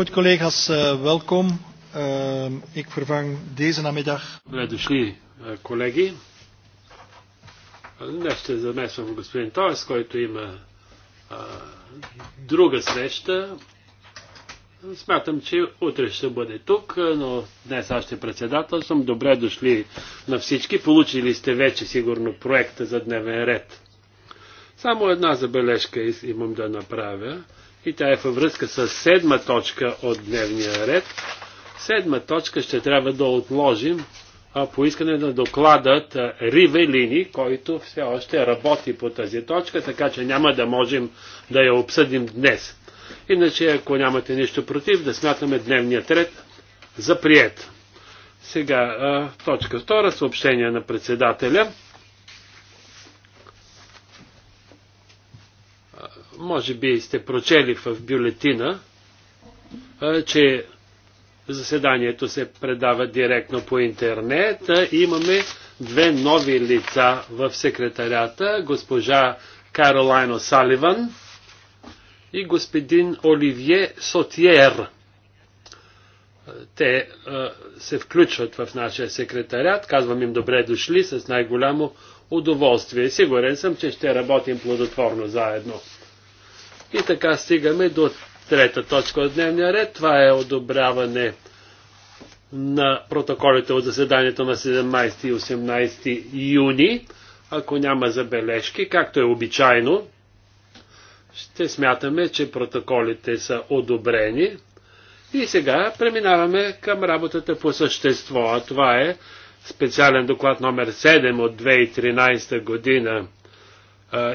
Goed collega's, eh, welkom. Eh, ik vervang deze namiddag. Добре дошли, е, колеги. Днес ще замесвам господин Торес, който има е, друга среща. Смятам, че утре ще бъде тук, е, но днес аз ще председател. Съм Добре дошли на всички. Получили сте вече сигурно проекта за дневен ред. Само една забележка имам да направя и тя е във връзка с седма точка от дневния ред. Седма точка ще трябва да отложим а, по искане на докладът Ривелини, който все още работи по тази точка, така че няма да можем да я обсъдим днес. Иначе, ако нямате нищо против, да смятаме дневният ред за прият. Сега, а, точка втора, съобщение на председателя. Може би сте прочели в бюлетина, че заседанието се предава директно по интернет. Имаме две нови лица в секретарята, госпожа Каролайно Саливан и господин Оливие Сотиер. Те се включват в нашия секретарят, казвам им добре дошли с най-голямо удоволствие. Сигурен съм, че ще работим плодотворно заедно. И така стигаме до трета точка от дневния ред. Това е одобряване на протоколите от заседанието на 17 и 18 юни. Ако няма забележки, както е обичайно, ще смятаме, че протоколите са одобрени. И сега преминаваме към работата по същество, а това е специален доклад номер 7 от 2013 година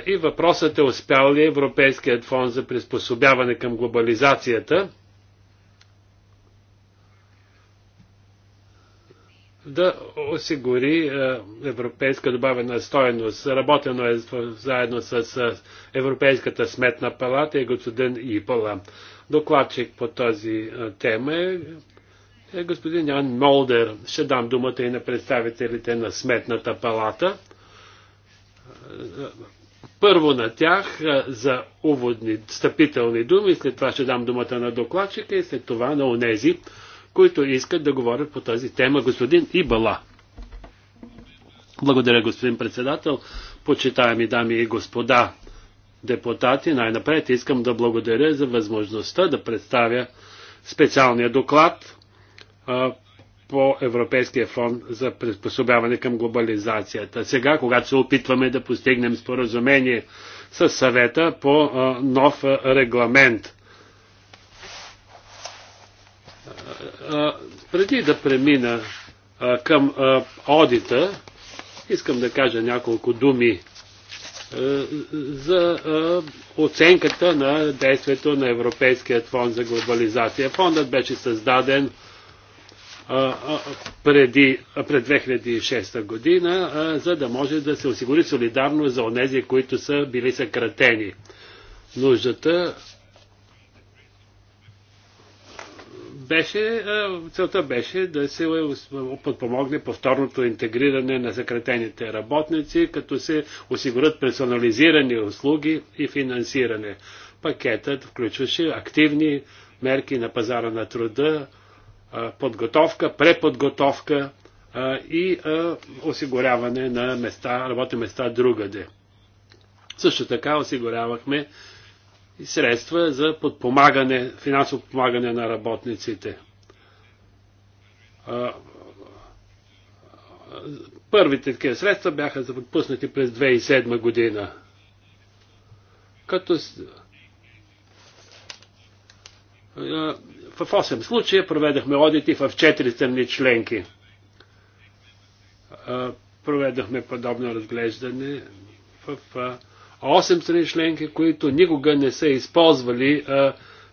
и въпросът е успял ли Европейският фонд за приспособяване към глобализацията да осигури европейска добавена стоеност. Работено е заедно с Европейската сметна палата и господин Ипола. Докладчик по този тема е е господин Ян Молдер. Ще дам думата и на представителите на Сметната палата. Първо на тях за уводни, стъпителни думи, след това ще дам думата на докладчика и след това на онези, които искат да говорят по тази тема. Господин Ибала. Благодаря, господин председател. Почитаеми дами и господа депутати, най-напред искам да благодаря за възможността да представя специалния доклад по Европейския фонд за приспособяване към глобализацията. Сега, когато се опитваме да постигнем споразумение с съвета по нов регламент, преди да премина към одита, искам да кажа няколко думи за оценката на действието на Европейският фонд за глобализация. Фондът беше създаден преди, пред 2006 година, за да може да се осигури солидарно за онези, които са били съкратени. Нуждата беше, целта беше да се подпомогне повторното интегриране на съкратените работници, като се осигурят персонализирани услуги и финансиране. Пакетът включваше активни мерки на пазара на труда, подготовка, преподготовка и осигуряване на места, работни места другаде. Също така осигурявахме и средства за подпомагане, финансово подпомагане на работниците. Първите такива средства бяха запуснати през 2007 година. Като в 8 случая проведахме одити в 4 страни членки. Проведахме подобно разглеждане в 8 страни членки, които никога не са използвали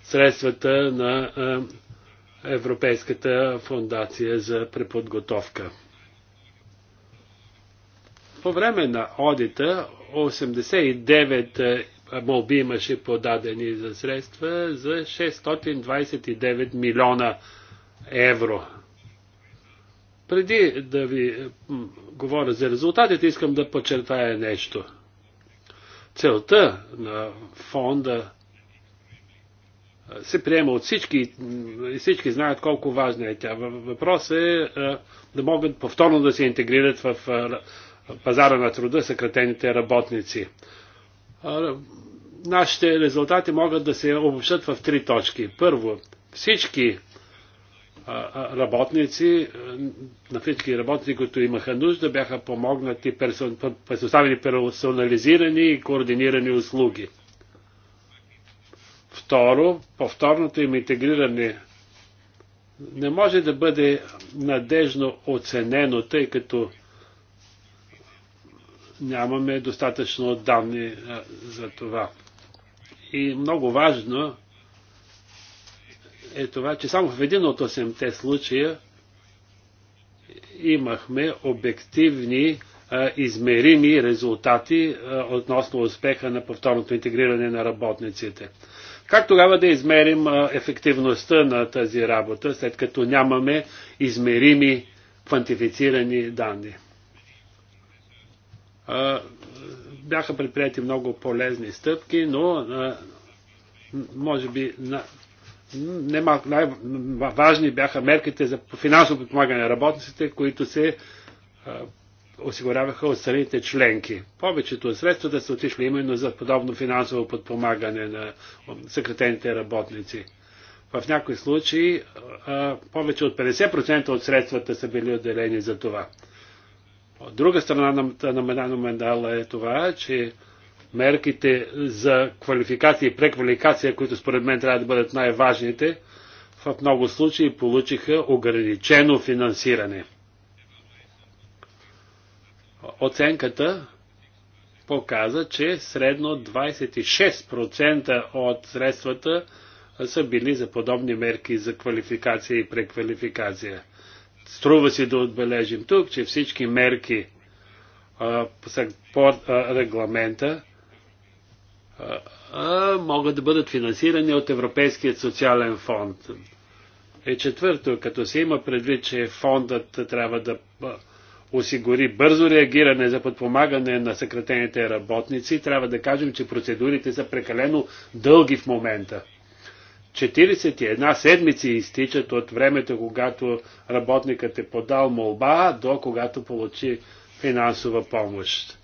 средствата на Европейската фундация за преподготовка. По време на одита 89 молби имаше подадени за средства за 629 милиона евро. Преди да ви говоря за резултатите, искам да подчертая нещо. Целта на фонда се приема от всички и всички знаят колко важна е тя. Въпросът е да могат повторно да се интегрират в пазара на труда съкратените работници нашите резултати могат да се обобщат в три точки. Първо, всички работници, на всички работници, които имаха нужда, бяха помогнати, предоставени персонализирани и координирани услуги. Второ, повторното им интегриране не може да бъде надежно оценено, тъй като нямаме достатъчно данни е, за това. И много важно е това, че само в един от 8-те случая имахме обективни е, измерими резултати е, относно успеха на повторното интегриране на работниците. Как тогава да измерим ефективността на тази работа, след като нямаме измерими квантифицирани данни? бяха предприяти много полезни стъпки, но може би най-важни бяха мерките за финансово подпомагане на работниците, които се осигуряваха от страните членки. Повечето от средствата са отишли именно за подобно финансово подпомагане на съкратените работници. В някои случаи повече от 50% от средствата са били отделени за това. От друга страна на, на, на медала е това, че мерките за квалификация и преквалификация, които според мен трябва да бъдат най-важните, в много случаи получиха ограничено финансиране. Оценката показа, че средно 26% от средствата са били за подобни мерки за квалификация и преквалификация. Струва си да отбележим тук, че всички мерки а, по а, регламента а, могат да бъдат финансирани от Европейският социален фонд. И четвърто, като се има предвид, че фондът трябва да осигури бързо реагиране за подпомагане на съкратените работници, трябва да кажем, че процедурите са прекалено дълги в момента. 41 седмици изтичат от времето, когато работникът е подал молба, до когато получи финансова помощ.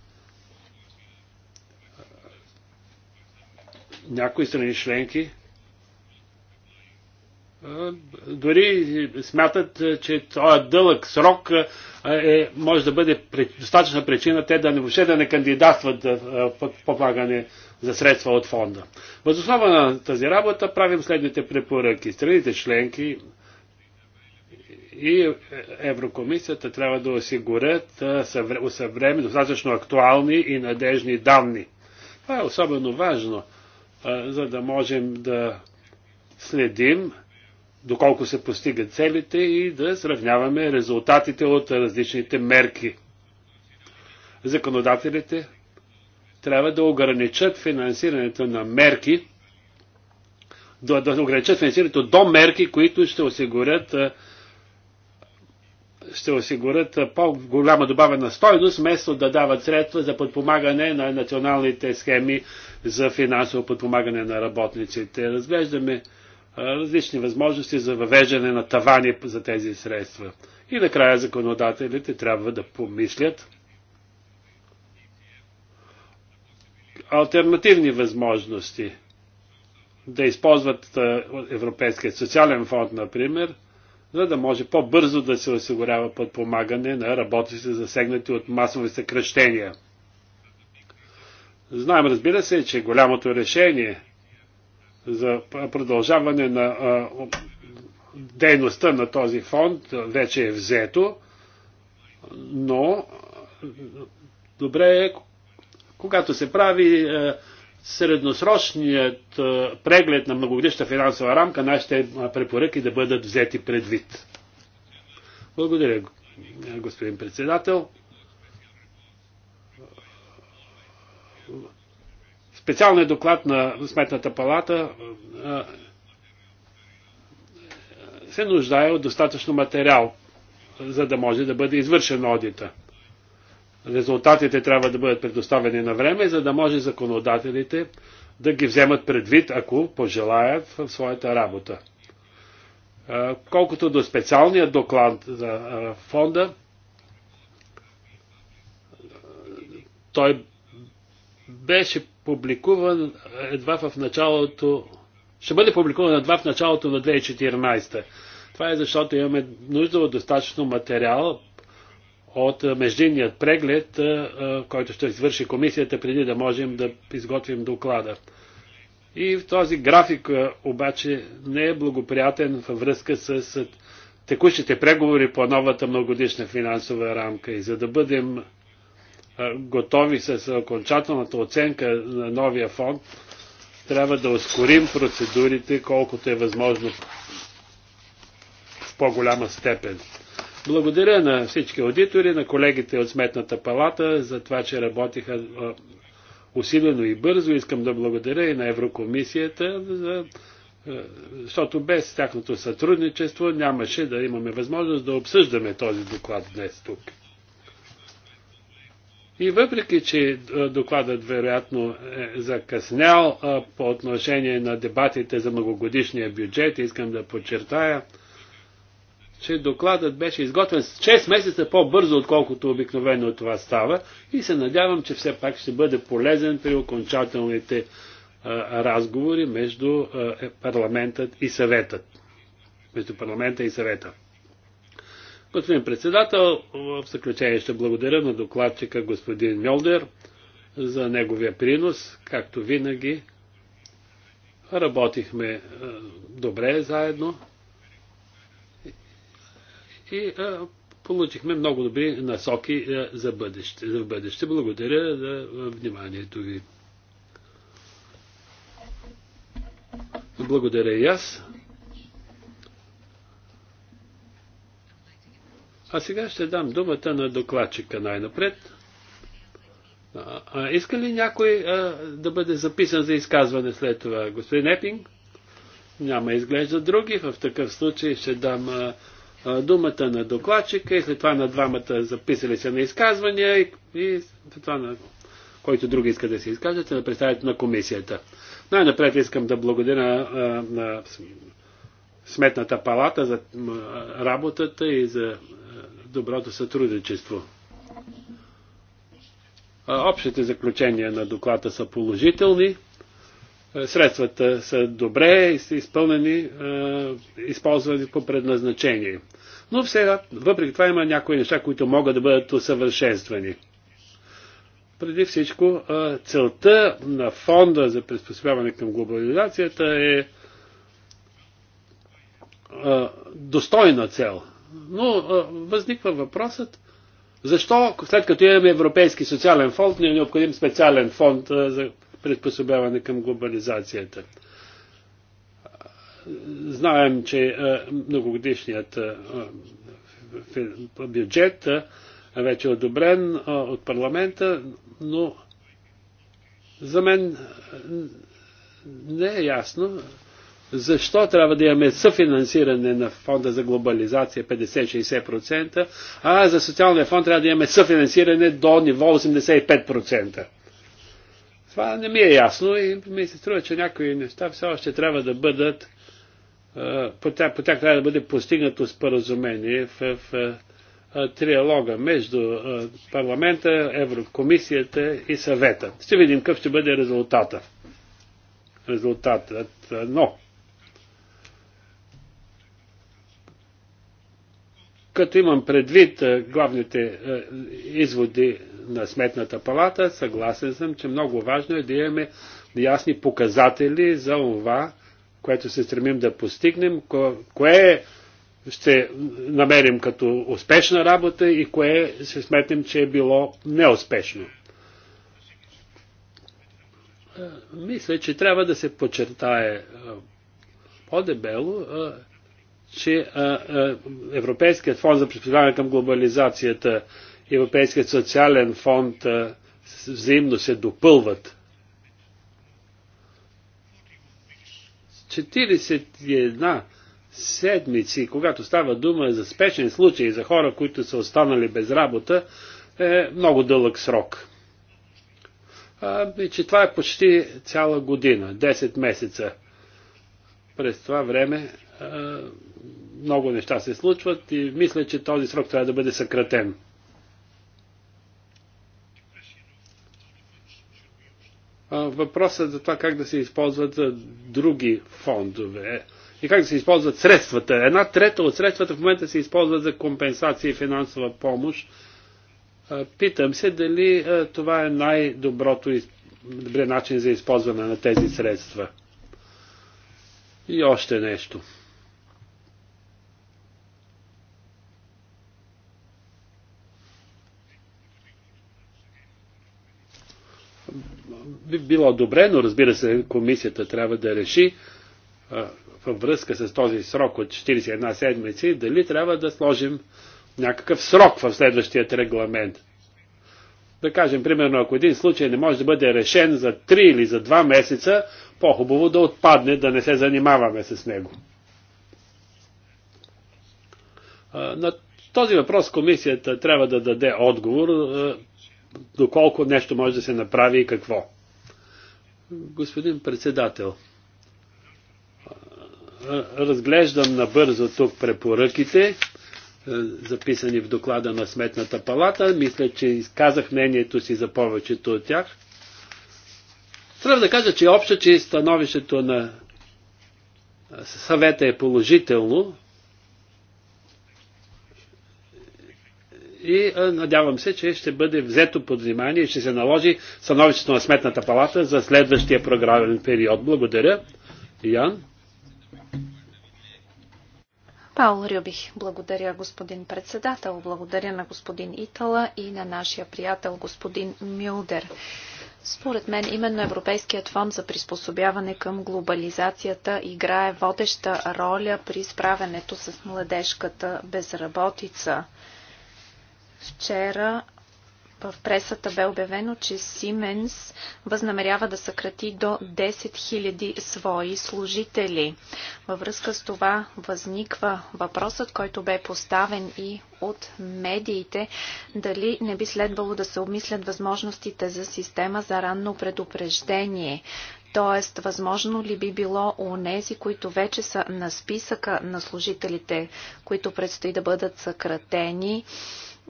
Някои страни членки дори смятат, че този дълъг срок е, може да бъде достатъчна причина те да не, въобще да не кандидатстват да, по за средства от фонда. Възоснова на тази работа правим следните препоръки. Страните членки и Еврокомисията трябва да осигурят съвремен достатъчно актуални и надежни данни. Това е особено важно, за да можем да следим доколко се постигат целите и да сравняваме резултатите от различните мерки. Законодателите трябва да ограничат финансирането на мерки, да, да ограничат финансирането до мерки, които ще осигурят ще осигурят по-голяма добавена стойност, вместо да дават средства за подпомагане на националните схеми за финансово подпомагане на работниците. Разглеждаме различни възможности за въвеждане на тавани за тези средства. И накрая законодателите трябва да помислят альтернативни възможности. Да използват Европейския социален фонд, например, за да може по-бързо да се осигурява подпомагане на работещите засегнати от масови съкръщения. Знаем, разбира се, че голямото решение за продължаване на а, дейността на този фонд вече е взето, но добре е когато се прави е, средносрочният е, преглед на многогодишна финансова рамка, нашите е, препоръки да бъдат взети предвид. Благодаря, господин председател. Специалният доклад на Сметната палата се нуждае от достатъчно материал, за да може да бъде извършен одита резултатите трябва да бъдат предоставени на време, за да може законодателите да ги вземат предвид, ако пожелаят в своята работа. Колкото до специалния доклад за фонда, той беше публикуван едва в началото, ще бъде публикуван едва в началото на 2014. Това е защото имаме нужда от достатъчно материал, от междинният преглед, който ще извърши комисията преди да можем да изготвим доклада. И в този график обаче не е благоприятен във връзка с текущите преговори по новата многодишна финансова рамка. И за да бъдем готови с окончателната оценка на новия фонд, трябва да ускорим процедурите колкото е възможно в по-голяма степен. Благодаря на всички аудитори, на колегите от Сметната палата за това, че работиха усилено и бързо. Искам да благодаря и на Еврокомисията, защото без тяхното сътрудничество нямаше да имаме възможност да обсъждаме този доклад днес тук. И въпреки, че докладът вероятно е закъснял по отношение на дебатите за многогодишния бюджет, искам да подчертая, че докладът беше изготвен 6 месеца по-бързо, отколкото обикновено това става и се надявам, че все пак ще бъде полезен при окончателните а, разговори между а, е, парламентът и съветът. Между парламента и съвета. Господин председател, в заключение ще благодаря на докладчика господин Мьолдер за неговия принос. Както винаги, работихме добре заедно и получихме много добри насоки за бъдеще. За бъдеще. Благодаря за вниманието ви. Благодаря и аз. А сега ще дам думата на докладчика най-напред. А, а, иска ли някой а, да бъде записан за изказване след това? Господин Епинг? Няма изглежда други. В такъв случай ще дам а, думата на докладчика и след това на двамата записали се на изказвания и, и след това на който друг иска да се изкаже, на представител на комисията. Най-напред искам да благодаря на Сметната палата за работата и за доброто сътрудничество. Общите заключения на доклада са положителни. Е, средствата са добре и са изпълнени, е, използвани по предназначение. Но все, въпреки това има някои неща, които могат да бъдат усъвършенствани. Преди всичко, е, целта на фонда за приспособяване към глобализацията е достойна цел. Но възниква въпросът, защо след като имаме Европейски социален фонд, не е необходим специален фонд за приспособяване към глобализацията. Знаем, че многогодишният бюджет вече е одобрен от парламента, но за мен не е ясно защо трябва да имаме съфинансиране на фонда за глобализация 50-60%, а за социалния фонд трябва да имаме съфинансиране до ниво 85%. Това не ми е ясно и ми се струва, че някои неща все още трябва да бъдат, по тях, по тях трябва да бъде постигнато споразумение в, в триалога между парламента, Еврокомисията и съвета. Ще видим какъв ще бъде резултата. Резултатът. Но Като имам предвид е, главните е, изводи на Сметната палата, съгласен съм, че много важно е да имаме ясни показатели за това, което се стремим да постигнем, кое ще намерим като успешна работа и кое се сметнем, че е било неуспешно. Е, мисля, че трябва да се подчертае по-дебело че а, а, Европейският фонд за приспособяване към глобализацията, и Европейският социален фонд а, взаимно се допълват. 41 седмици, когато става дума за спешен случай за хора, които са останали без работа, е много дълъг срок. А, и че това е почти цяла година, 10 месеца. През това време много неща се случват и мисля, че този срок трябва да бъде съкратен. Въпросът за това как да се използват други фондове и как да се използват средствата. Една трета от средствата в момента се използват за компенсация и финансова помощ. Питам се дали това е най-доброто добре начин за използване на тези средства. И още нещо. би било добре, но разбира се, комисията трябва да реши а, във връзка с този срок от 41 седмици, дали трябва да сложим някакъв срок в следващият регламент. Да кажем, примерно, ако един случай не може да бъде решен за 3 или за 2 месеца, по-хубаво да отпадне, да не се занимаваме с него. А, на този въпрос комисията трябва да даде отговор доколко нещо може да се направи и какво. Господин председател, разглеждам набързо тук препоръките, записани в доклада на Сметната палата. Мисля, че изказах мнението си за повечето от тях. Трябва да кажа, че общо, че становището на съвета е положително, и надявам се, че ще бъде взето под внимание и ще се наложи становището на Сметната палата за следващия програмен период. Благодаря. Ян? Паул Рюбих, благодаря господин председател, благодаря на господин Итала и на нашия приятел господин Мюлдер. Според мен именно Европейският фонд за приспособяване към глобализацията играе водеща роля при справянето с младежката безработица. Вчера в пресата бе обявено, че Сименс възнамерява да съкрати до 10 000 свои служители. Във връзка с това възниква въпросът, който бе поставен и от медиите, дали не би следвало да се обмислят възможностите за система за ранно предупреждение. Тоест, възможно ли би било у нези, които вече са на списъка на служителите, които предстои да бъдат съкратени,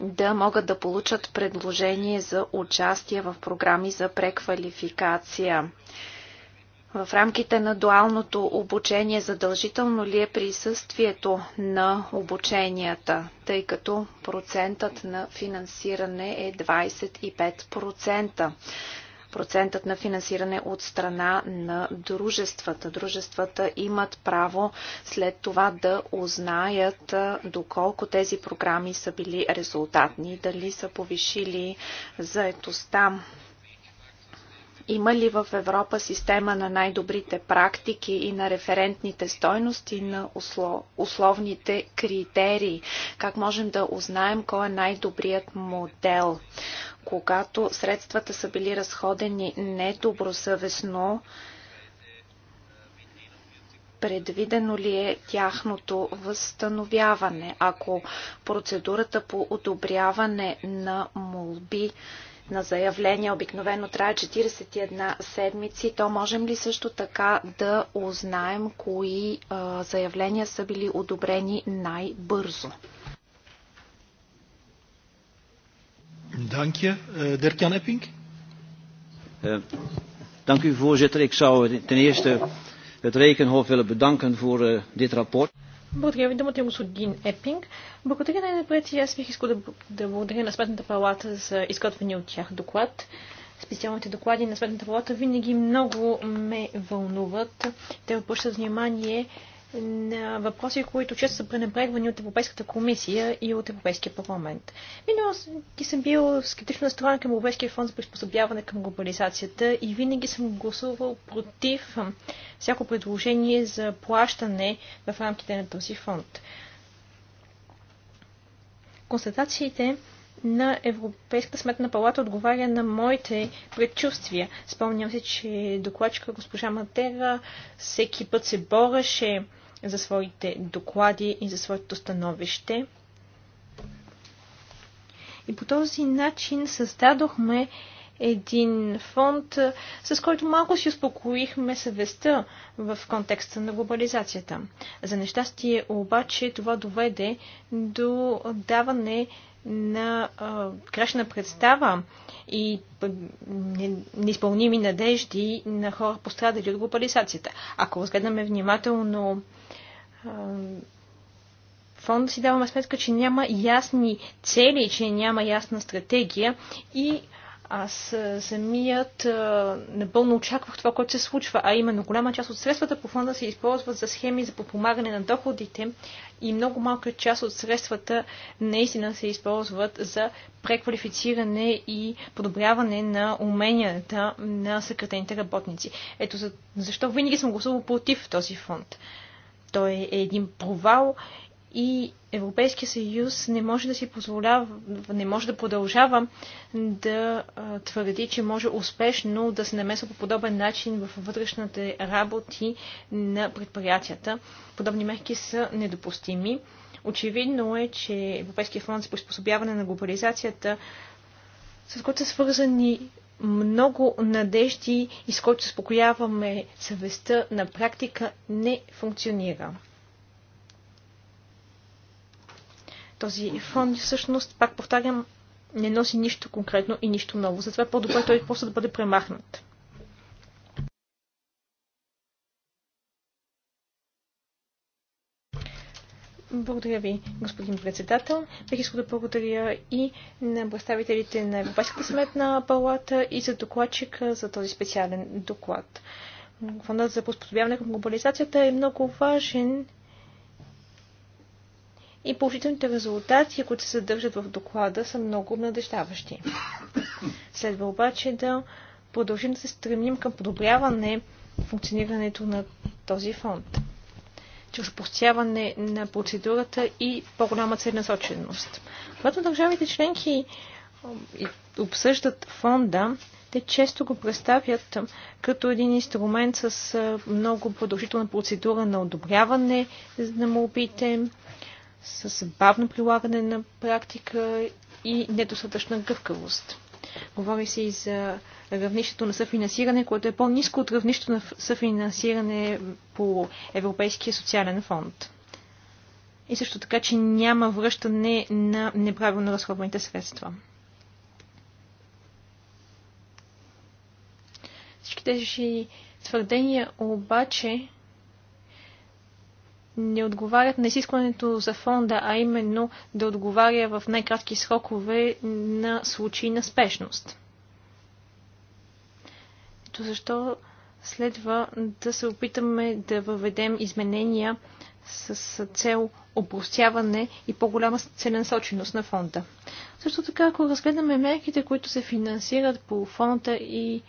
да могат да получат предложение за участие в програми за преквалификация. В рамките на дуалното обучение задължително ли е присъствието на обученията, тъй като процентът на финансиране е 25%? процентът на финансиране от страна на дружествата. Дружествата имат право след това да узнаят доколко тези програми са били резултатни, дали са повишили заетостта има ли в Европа система на най-добрите практики и на референтните стойности на условните критерии? Как можем да узнаем кой е най-добрият модел? Когато средствата са били разходени недобросъвестно, предвидено ли е тяхното възстановяване? Ако процедурата по одобряване на молби на заявления обикновено трае 41 седмици, то можем ли също така да узнаем кои а, заявления са били одобрени най-бързо? Dank je. Uh, Dirk-Jan Epping. Uh, dank u voorzitter. Ik zou ten eerste het Rekenhof willen bedanken voor uh, dit rapport. Благодаря ви думата, е господин Епинг. Благодаря най-напред и аз бих искал да, да благодаря на Сметната палата за изготвения от тях доклад. Специалните доклади на Сметната палата винаги много ме вълнуват. Те обръщат внимание на въпроси, които често са пренебрегвани от Европейската комисия и от Европейския парламент. ги съм бил скептично настроен към Европейския фонд за приспособяване към глобализацията и винаги съм гласувал против всяко предложение за плащане в рамките на този фонд. Констатациите на Европейската сметна палата отговаря на моите предчувствия. Спомням се, че докладчика госпожа Матера всеки път се бореше за своите доклади и за своето становище. И по този начин създадохме един фонд, с който малко си успокоихме съвестта в контекста на глобализацията. За нещастие обаче това доведе до даване на а, грешна представа и неизпълними надежди на хора пострадали от глобализацията. Ако разгледаме внимателно а, фонда си даваме сметка, че няма ясни цели, че няма ясна стратегия и аз е, самият е, напълно очаквах това, което се случва, а именно голяма част от средствата по фонда се използват за схеми за подпомагане на доходите и много малка част от средствата наистина се използват за преквалифициране и подобряване на уменията на съкратените работници. Ето защо винаги съм гласувал против този фонд. Той е един провал и Европейския съюз не може да си позволява, не може да продължава да твърди, че може успешно да се намесва по подобен начин в вътрешните работи на предприятията. Подобни мерки са недопустими. Очевидно е, че Европейския фонд за приспособяване на глобализацията, с който са свързани много надежди и с който успокояваме съвестта, на практика не функционира. Този фонд всъщност, пак повтарям, не носи нищо конкретно и нищо ново. Затова е по-добре той просто да бъде премахнат. Благодаря ви, господин председател. Бих искал да благодаря и на представителите на Европейската сметна палата и за докладчика за този специален доклад. Фондът за поспособяване към глобализацията е много важен и положителните резултати, които се съдържат в доклада, са много обнадеждаващи. Следва обаче да продължим да се стремим към подобряване функционирането на този фонд, чрез постяване на процедурата и по-голяма целенасоченост. Когато държавите членки е, обсъждат фонда, те често го представят е, като един инструмент с е, много продължителна процедура на одобряване на молбите, с бавно прилагане на практика и недостатъчна гъвкавост. Говори се и за равнището на съфинансиране, което е по-низко от равнището на съфинансиране по Европейския социален фонд. И също така, че няма връщане на неправилно разходваните средства. Всички тези твърдения обаче не отговарят на изискването за фонда, а именно да отговаря в най-кратки срокове на случаи на спешност. Ето защо следва да се опитаме да въведем изменения с цел опростяване и по-голяма целенасоченост на фонда. Също така, ако разгледаме мерките, които се финансират по фонда и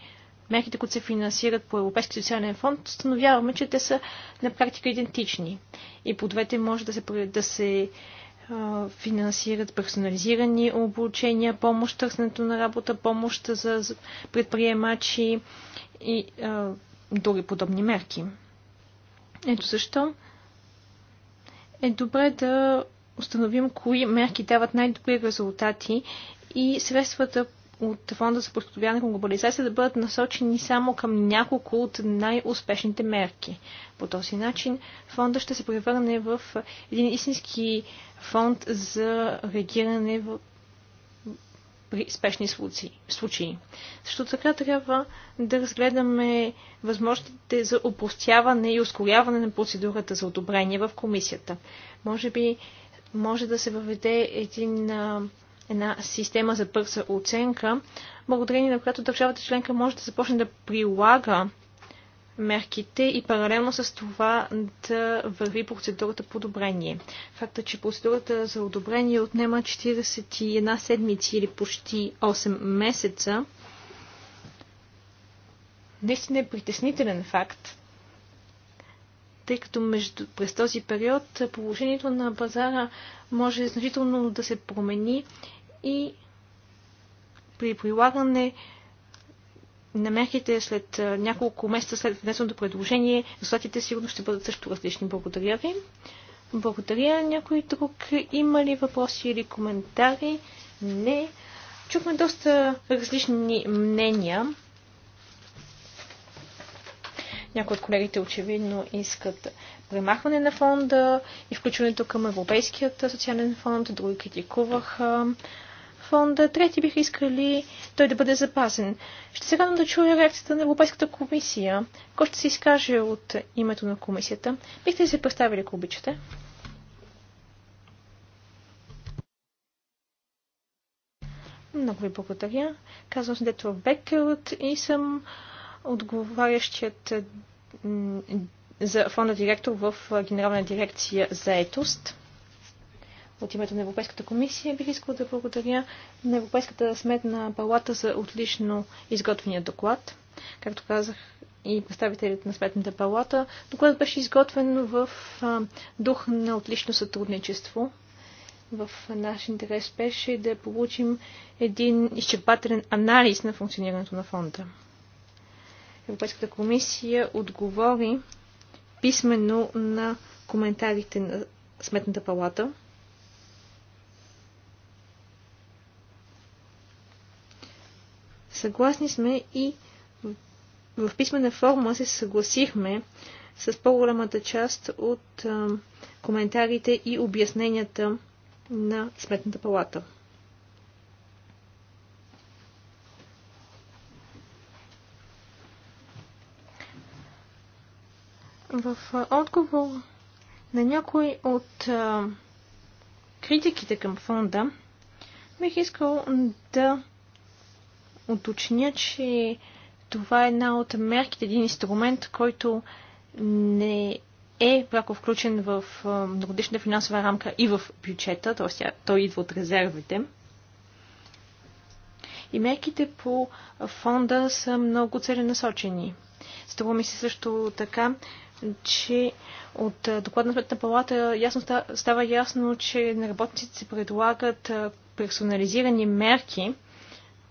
мерките, които се финансират по Европейски социален фонд, установяваме, че те са на практика идентични. И по двете може да се, да се финансират персонализирани обучения, помощ търсенето на работа, помощ за предприемачи и а, други подобни мерки. Ето защо е добре да установим кои мерки дават най-добри резултати и средствата от фонда за постоянна глобализация да бъдат насочени само към няколко от най-успешните мерки. По този начин фонда ще се превърне в един истински фонд за реагиране в при спешни случаи. Също така трябва да разгледаме възможностите за опростяване и ускоряване на процедурата за одобрение в комисията. Може би може да се въведе един една система за бърза оценка, благодарение на която държавата членка може да започне да прилага мерките и паралелно с това да върви процедурата по одобрение. Факта, че процедурата за одобрение отнема 41 седмици или почти 8 месеца, наистина е притеснителен факт, тъй като между, през този период положението на пазара може значително да се промени и при прилагане на мерките след няколко месеца след внесеното предложение, резултатите сигурно ще бъдат също различни. Благодаря ви. Благодаря. Някой друг има ли въпроси или коментари? Не. Чухме доста различни мнения. Някои от колегите очевидно искат премахване на фонда и включването към Европейският социален фонд. Други критикуваха фонда, трети бих искали той да бъде запазен. Ще се радвам да чуя реакцията на Европейската комисия. Кой ще се изкаже от името на комисията? Бихте ли се представили, ако обичате? Много ви благодаря. Казвам се Детва Бекелт и съм отговарящият за фонда директор в Генерална дирекция за етост. От името на Европейската комисия бих искала да благодаря на Европейската сметна палата за отлично изготвения доклад. Както казах и представителите на сметната палата, докладът беше изготвен в дух на отлично сътрудничество. В наш интерес беше да получим един изчерпателен анализ на функционирането на фонда. Европейската комисия отговори писменно на коментарите на Сметната палата. Съгласни сме и в писмена форма се съгласихме с по-голямата част от коментарите и обясненията на Сметната палата. В отговор на някой от критиките към фонда, бих искал да уточня, че това е една от мерките, един инструмент, който не е пряко включен в многодишната финансова рамка и в бюджета, т.е. той идва от резервите. И мерките по фонда са много целенасочени. Струва ми се също така, че от доклад на Сметната палата ясно, става ясно, че на работниците се предлагат персонализирани мерки,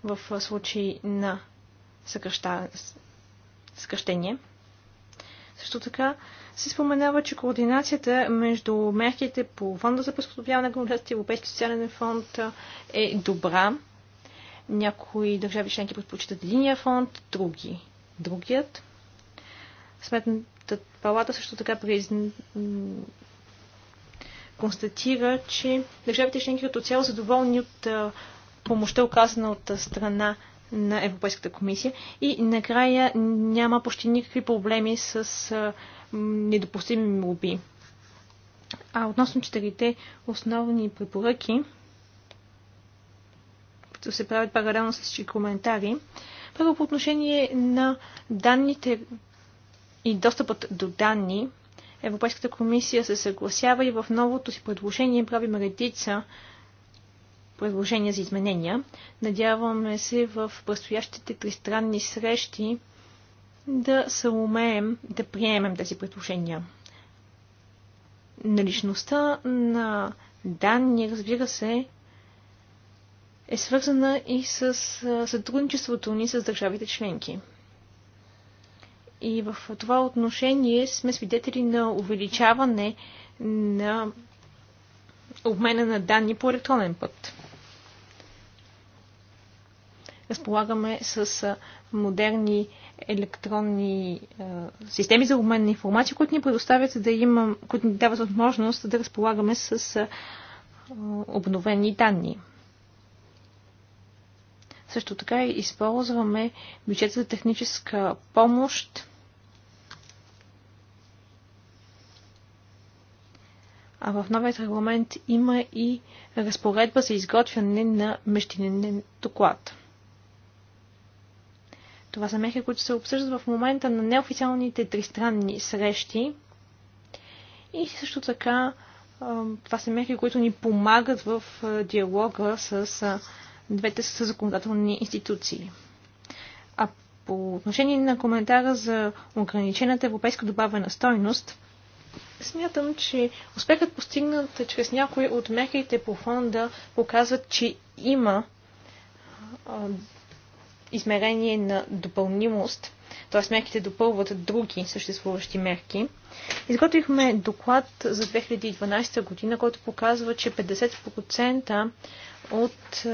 в случай на съкръща... съкръщение. Също така се споменава, че координацията между мерките по фонда за приспособяване към и Европейския социален фонд е добра. Някои държави членки предпочитат единия фонд, други другият. Сметната палата също така констатира, че държавите членки като цяло са доволни от помощта оказана от страна на Европейската комисия и накрая няма почти никакви проблеми с недопустими моби. А относно четирите основни препоръки, които се правят паралелно с всички коментари, първо по отношение на данните и достъпът до данни, Европейската комисия се съгласява и в новото си предложение правим редица предложения за изменения. Надяваме се в предстоящите тристранни срещи да се умеем да приемем тези предложения. Наличността на данни, разбира се, е свързана и с сътрудничеството ни с държавите членки. И в това отношение сме свидетели на увеличаване на обмена на данни по електронен път разполагаме с модерни електронни системи за обмен на информация, които ни предоставят да имам, които ни дават възможност да разполагаме с обновени данни. Също така използваме бюджет за техническа помощ. А в новият регламент има и разпоредба за изготвяне на междинен доклад. Това са мерки, които се обсъждат в момента на неофициалните тристранни срещи. И също така това са мерки, които ни помагат в диалога с двете с законодателни институции. А по отношение на коментара за ограничената европейска добавена стойност, смятам, че успехът постигнат чрез някои от мерките по фонда показват, че има измерение на допълнимост, т.е. мерките допълват други съществуващи мерки. Изготвихме доклад за 2012 година, който показва, че 50% от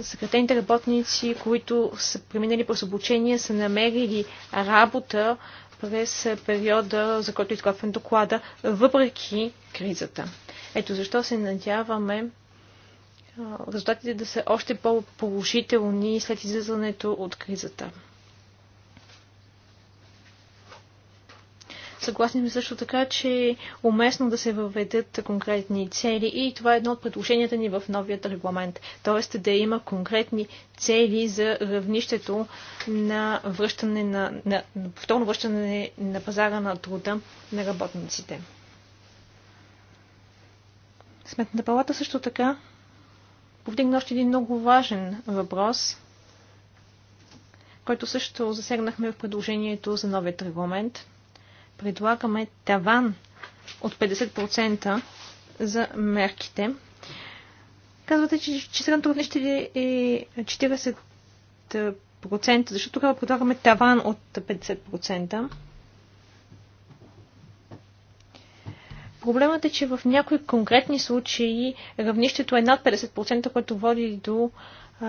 съкратените работници, които са преминали през обучение, са намерили работа през периода, за който е изготвям доклада, въпреки кризата. Ето защо се надяваме резултатите да са още по-положителни след излизането от кризата. Съгласни сме също така, че е уместно да се въведат конкретни цели и това е едно от предложенията ни в новият регламент. Тоест да има конкретни цели за равнището на, връщане на, на, на повторно връщане на пазара на труда на работниците. Сметната палата също така повдигна още един много важен въпрос, който също засегнахме в предложението за новият регламент. Предлагаме таван от 50% за мерките. Казвате, че, че средното равнище е 40%, защото тогава предлагаме таван от 50%. Проблемът е, че в някои конкретни случаи равнището е над 50%, което води до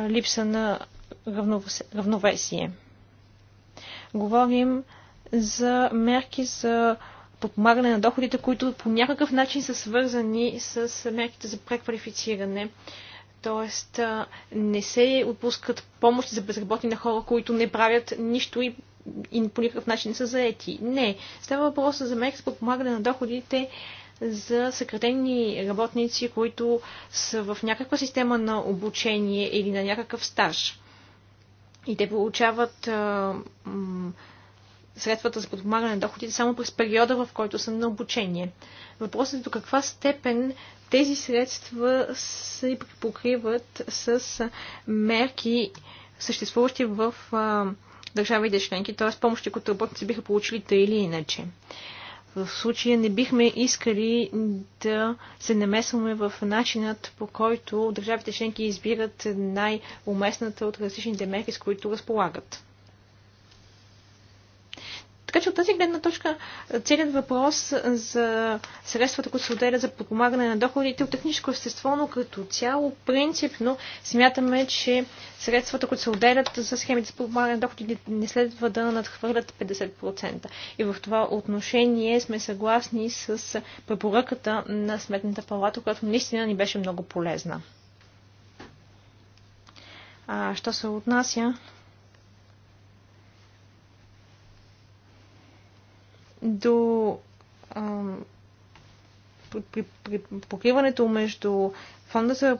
липса на равновесие. Говорим за мерки за подпомагане на доходите, които по някакъв начин са свързани с мерките за преквалифициране. Тоест не се отпускат помощи за безработни на хора, които не правят нищо и и по никакъв начин не са заети. Не. Става въпроса за мерки за подпомагане на доходите за съкратени работници, които са в някаква система на обучение или на някакъв стаж. И те получават а, средствата за подпомагане на доходите само през периода, в който са на обучение. Въпросът е до каква степен тези средства се покриват с мерки, съществуващи в а, държавите членки, т.е. помощи, които работници биха получили тъй или иначе. В случая не бихме искали да се намесваме в начинът, по който държавите членки избират най-уместната от различните мерки, с които разполагат. Така че от тази гледна точка е, целият въпрос за средствата, които се отделят за подпомагане на доходите от техническо естество, но като цяло принципно смятаме, че средствата, които се отделят за схемите за подпомагане на доходите, не следва да надхвърлят 50%. И в това отношение сме съгласни с препоръката на Сметната палата, която наистина ни беше много полезна. А, що се отнася до а, при, при, покриването между фонда за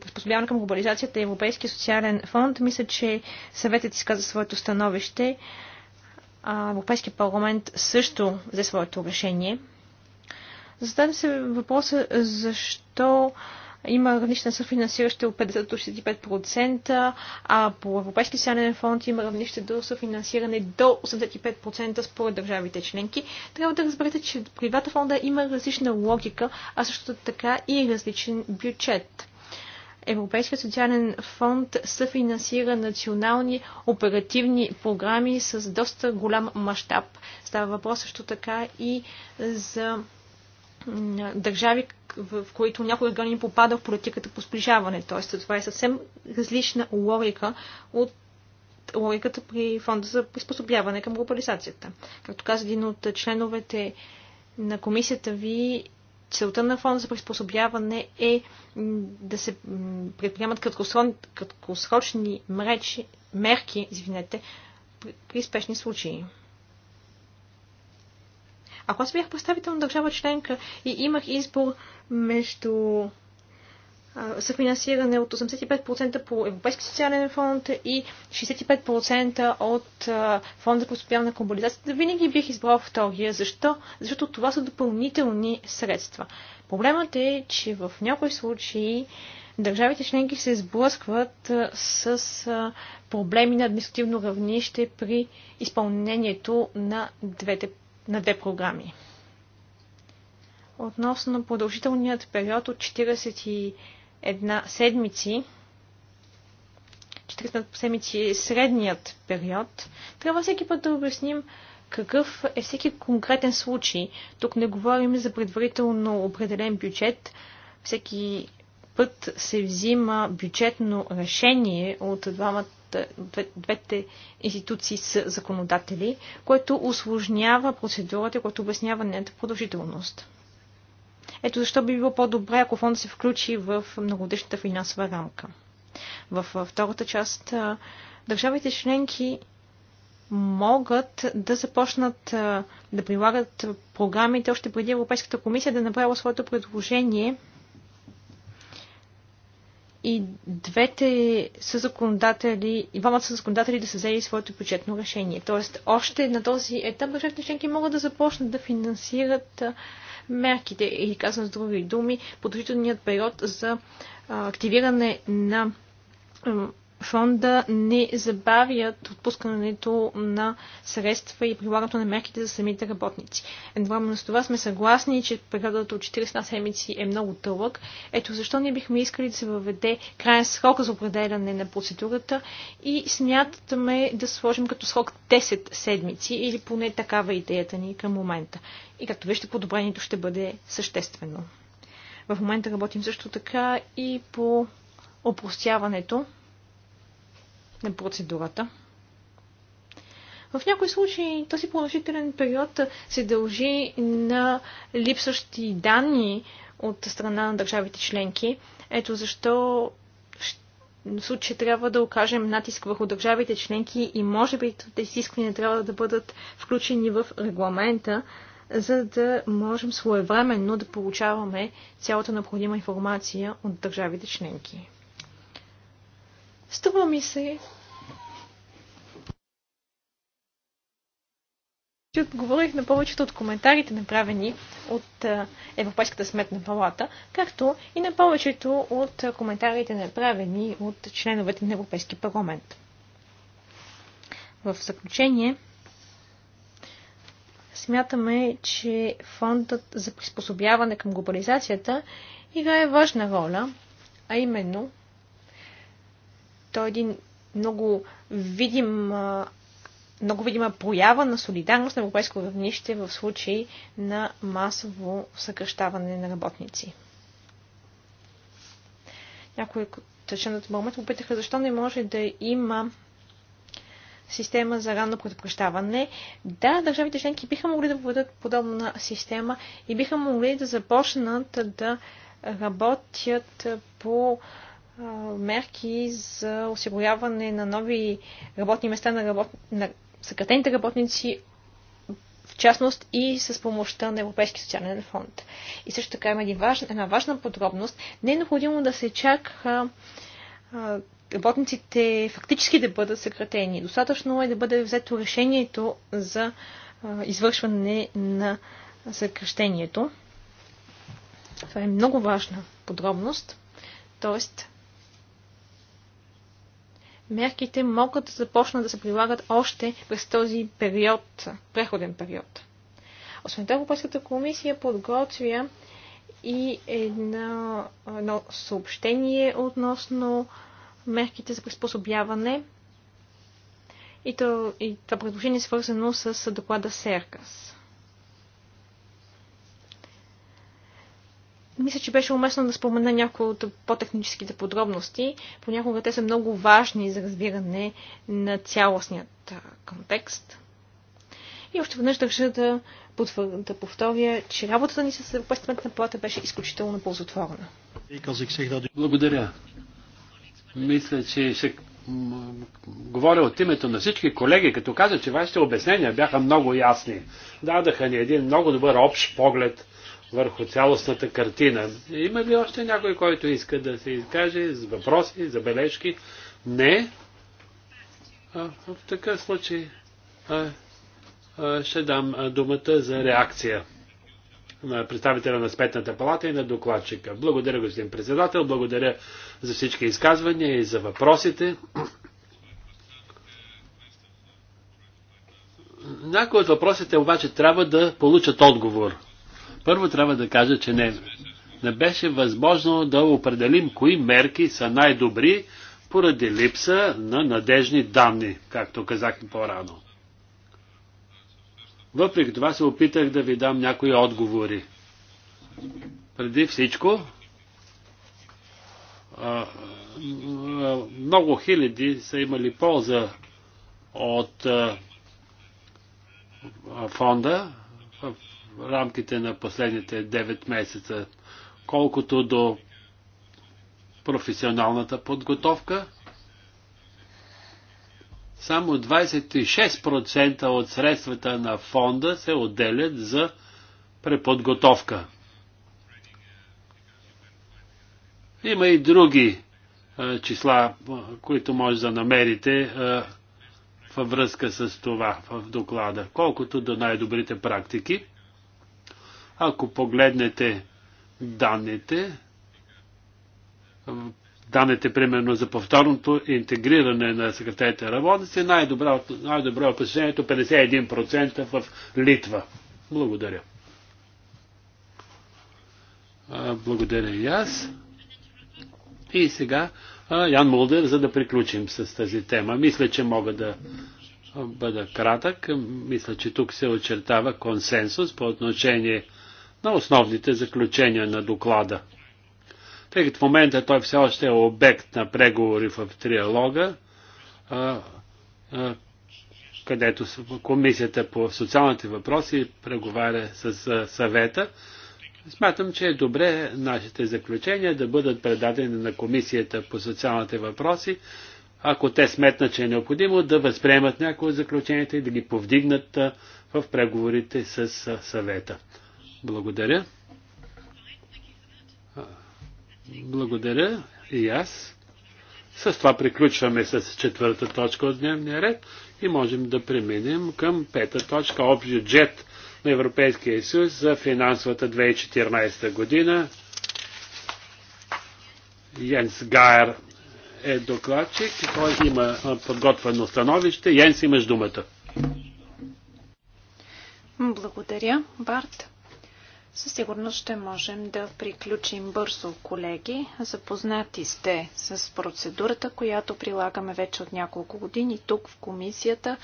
приспособяване към глобализацията и Европейския социален фонд, мисля, че съветът изказа своето становище. А Европейския парламент също взе своето решение. Зададе се въпроса защо има равнище на съфинансираще от 50 до 65%, а по Европейски социален фонд има равнище до съфинансиране до 85% според държавите членки. Трябва да разберете, че при двата фонда има различна логика, а също така и различен бюджет. Европейския социален фонд съфинансира национални оперативни програми с доста голям мащаб. Става въпрос също така и за държави, в които някои региони попада в политиката по сближаване. Тоест, това е съвсем различна логика от логиката при фонда за приспособяване към глобализацията. Както каза един от членовете на комисията ви, целта на фонда за приспособяване е да се предприемат краткосрочни, краткосрочни мерки извинете, при, при спешни случаи. Ако аз бях представител на държава членка и имах избор между съфинансиране от 85% по Европейски социален фонд и 65% от фонда по социална комбализация, да винаги бих избрал втория. Защо? Защото това са допълнителни средства. Проблемът е, че в някои случаи държавите членки се сблъскват с проблеми на административно равнище при изпълнението на двете на две програми. Относно продължителният период от 41 седмици, 40 седмици е средният период, трябва всеки път да обясним какъв е всеки конкретен случай. Тук не говорим за предварително определен бюджет. Всеки път се взима бюджетно решение от двамата двата, двете институции с законодатели, което осложнява процедурата, което обяснява нейната продължителност. Ето защо би било по-добре, ако фонда се включи в многодишната финансова рамка. В втората част държавите членки могат да започнат да прилагат програмите още преди Европейската комисия да направила своето предложение и двете са законодатели, и двамата са законодатели да са взели своето бюджетно решение. Тоест, още на този етап държавите членки могат да започнат да финансират мерките или казвам с други думи, продължителният период за активиране на фонда не забавят отпускането на средства и прилагането на мерките за самите работници. Едновременно с това сме съгласни, че периодът от 40 седмици е много дълъг. Ето защо ние бихме искали да се въведе крайен срок за определяне на процедурата и смятаме да сложим като срок 10 седмици или поне такава идеята ни към момента. И както вижте, подобрението ще бъде съществено. В момента работим също така и по опростяването на процедурата. В някои случаи този продължителен период се дължи на липсващи данни от страна на държавите членки. Ето защо в случай трябва да окажем натиск върху държавите членки и може би тези изисквания трябва да бъдат включени в регламента, за да можем своевременно да получаваме цялата необходима информация от държавите членки. Струва ми се, отговорих на повечето от коментарите, направени от Европейската сметна палата, както и на повечето от коментарите, направени от членовете на Европейски парламент. В заключение, смятаме, че фондът за приспособяване към глобализацията играе важна роля, а именно той е един много видим много видима проява на солидарност на европейско равнище в случай на масово съкръщаване на работници. Някои от членовете момент попитаха защо не може да има система за ранно предупреждаване. Да, държавите членки биха могли да поведат подобна система и биха могли да започнат да работят по а, мерки за осигуряване на нови работни места на, работ... на съкратените работници, в частност и с помощта на Европейски социален фонд. И също така има един важ... една важна подробност. Не е необходимо да се чака работниците фактически да бъдат съкратени. Достатъчно е да бъде взето решението за извършване на съкръщението. Това е много важна подробност. Тоест, мерките могат да започнат да се прилагат още през този период, преходен период. Освен това, Европейската комисия подготвя и едно, едно съобщение относно мерките за приспособяване. И, то, и това предложение е свързано с доклада Серкас. мисля, че беше уместно да спомена някои от по-техническите подробности. Понякога те са много важни за разбиране на цялостният контекст. И още веднъж държа да, да повторя, че работата ни с Европейската плата беше изключително ползотворна. Благодаря. Мисля, че ще говоря от името на всички колеги, като каза, че вашите обяснения бяха много ясни. Дадаха ни един много добър общ поглед върху цялостната картина. Има ли още някой, който иска да се изкаже с въпроси, забележки? Не. А, в такъв случай а, а, ще дам думата за реакция на представителя на Спетната палата и на докладчика. Благодаря, господин председател, благодаря за всички изказвания и за въпросите. Някои от въпросите обаче трябва да получат отговор. Първо трябва да кажа, че не, не беше възможно да определим кои мерки са най-добри поради липса на надежни данни, както казах и по-рано. Въпреки това се опитах да ви дам някои отговори. Преди всичко, много хиляди са имали полза от фонда в рамките на последните 9 месеца. Колкото до професионалната подготовка, само 26% от средствата на фонда се отделят за преподготовка. Има и други а, числа, които може да намерите а, във връзка с това в доклада, колкото до най-добрите практики. Ако погледнете данните, данните примерно за повторното интегриране на секретарите работници, най-добро, най е посещението 51% в Литва. Благодаря. Благодаря и аз. И сега Ян Молдер, за да приключим с тази тема. Мисля, че мога да бъда кратък. Мисля, че тук се очертава консенсус по отношение на основните заключения на доклада. Тъй като в момента той все още е обект на преговори в триалога, където Комисията по социалните въпроси преговаря с съвета. Смятам, че е добре нашите заключения да бъдат предадени на Комисията по социалните въпроси, ако те сметнат, че е необходимо да възприемат някои от заключенията и да ги повдигнат в преговорите с съвета. Благодаря. Благодаря и аз. С това приключваме с четвърта точка от дневния ред и можем да преминем към пета точка. Общ бюджет на Европейския съюз за финансовата 2014 година. Йенс Гайер е докладчик. и Той има подготвено становище. Йенс, имаш думата. Благодаря, Барт. Със сигурност ще можем да приключим бързо, колеги. Запознати сте с процедурата, която прилагаме вече от няколко години тук в комисията.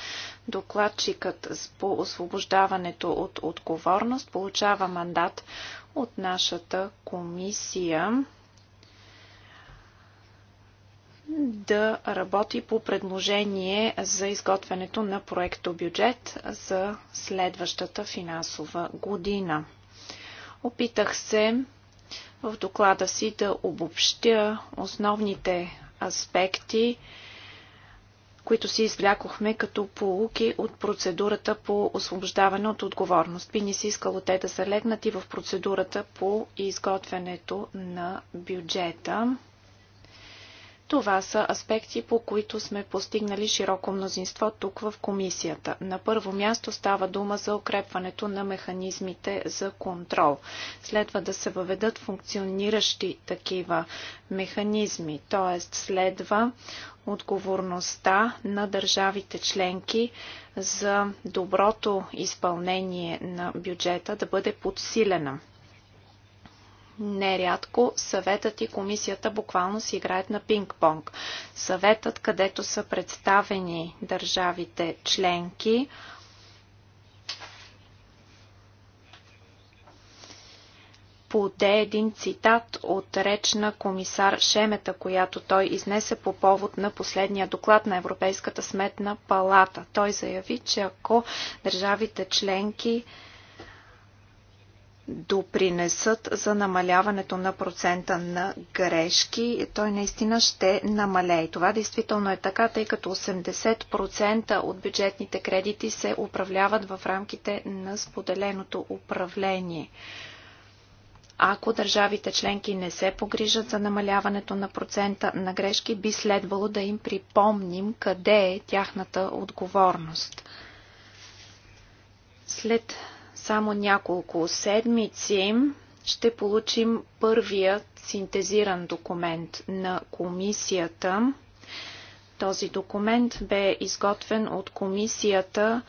Докладчикът по освобождаването от отговорност получава мандат от нашата комисия да работи по предложение за изготвянето на проекто бюджет за следващата финансова година. Опитах се в доклада си да обобщя основните аспекти, които си извлякохме като полуки от процедурата по освобождаване от отговорност. Би ни се искало те да са легнати в процедурата по изготвянето на бюджета. Това са аспекти, по които сме постигнали широко мнозинство тук в комисията. На първо място става дума за укрепването на механизмите за контрол. Следва да се въведат функциониращи такива механизми, т.е. следва отговорността на държавите членки за доброто изпълнение на бюджета да бъде подсилена нерядко съветът и комисията буквално си играят на пинг-понг. Съветът, където са представени държавите членки, поде един цитат от реч на комисар Шемета, която той изнесе по повод на последния доклад на Европейската сметна палата. Той заяви, че ако държавите членки допринесат за намаляването на процента на грешки, той наистина ще намалее. И това действително е така, тъй като 80% от бюджетните кредити се управляват в рамките на споделеното управление. Ако държавите членки не се погрижат за намаляването на процента на грешки, би следвало да им припомним къде е тяхната отговорност. След само няколко седмици ще получим първия синтезиран документ на комисията. Този документ бе изготвен от комисията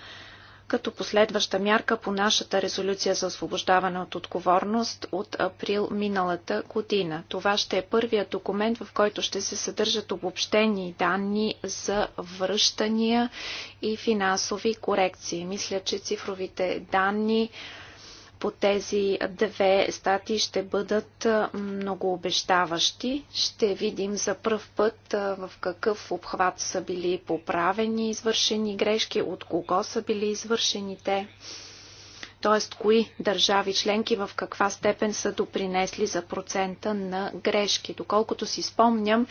като последваща мярка по нашата резолюция за освобождаване от отговорност от април миналата година. Това ще е първият документ, в който ще се съдържат обобщени данни за връщания и финансови корекции. Мисля, че цифровите данни по тези две статии ще бъдат много обещаващи. Ще видим за пръв път в какъв обхват са били поправени извършени грешки, от кого са били извършени те т.е. кои държави членки в каква степен са допринесли за процента на грешки. Доколкото си спомням,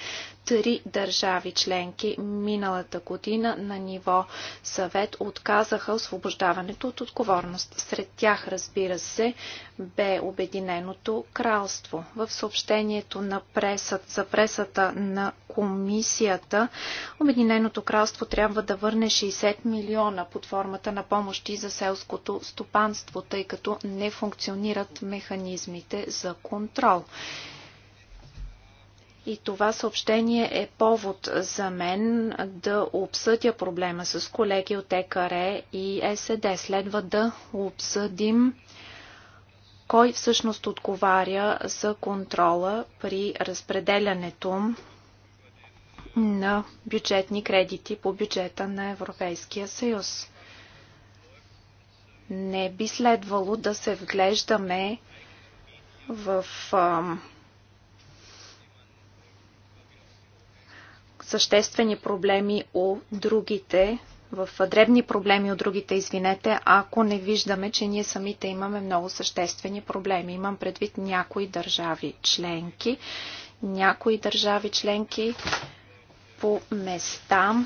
три държави членки миналата година на ниво съвет отказаха освобождаването от отговорност. Сред тях, разбира се, бе Обединеното кралство. В съобщението на пресът, за пресата на комисията, Обединеното кралство трябва да върне 60 милиона под формата на помощи за селското стопанство пространство, тъй като не функционират механизмите за контрол. И това съобщение е повод за мен да обсъдя проблема с колеги от ЕКАРЕ и СЕД. Следва да обсъдим кой всъщност отговаря за контрола при разпределянето на бюджетни кредити по бюджета на Европейския съюз. Не би следвало да се вглеждаме в съществени проблеми у другите, в дребни проблеми от другите, извинете, ако не виждаме, че ние самите имаме много съществени проблеми. Имам предвид някои държави членки, някои държави членки по места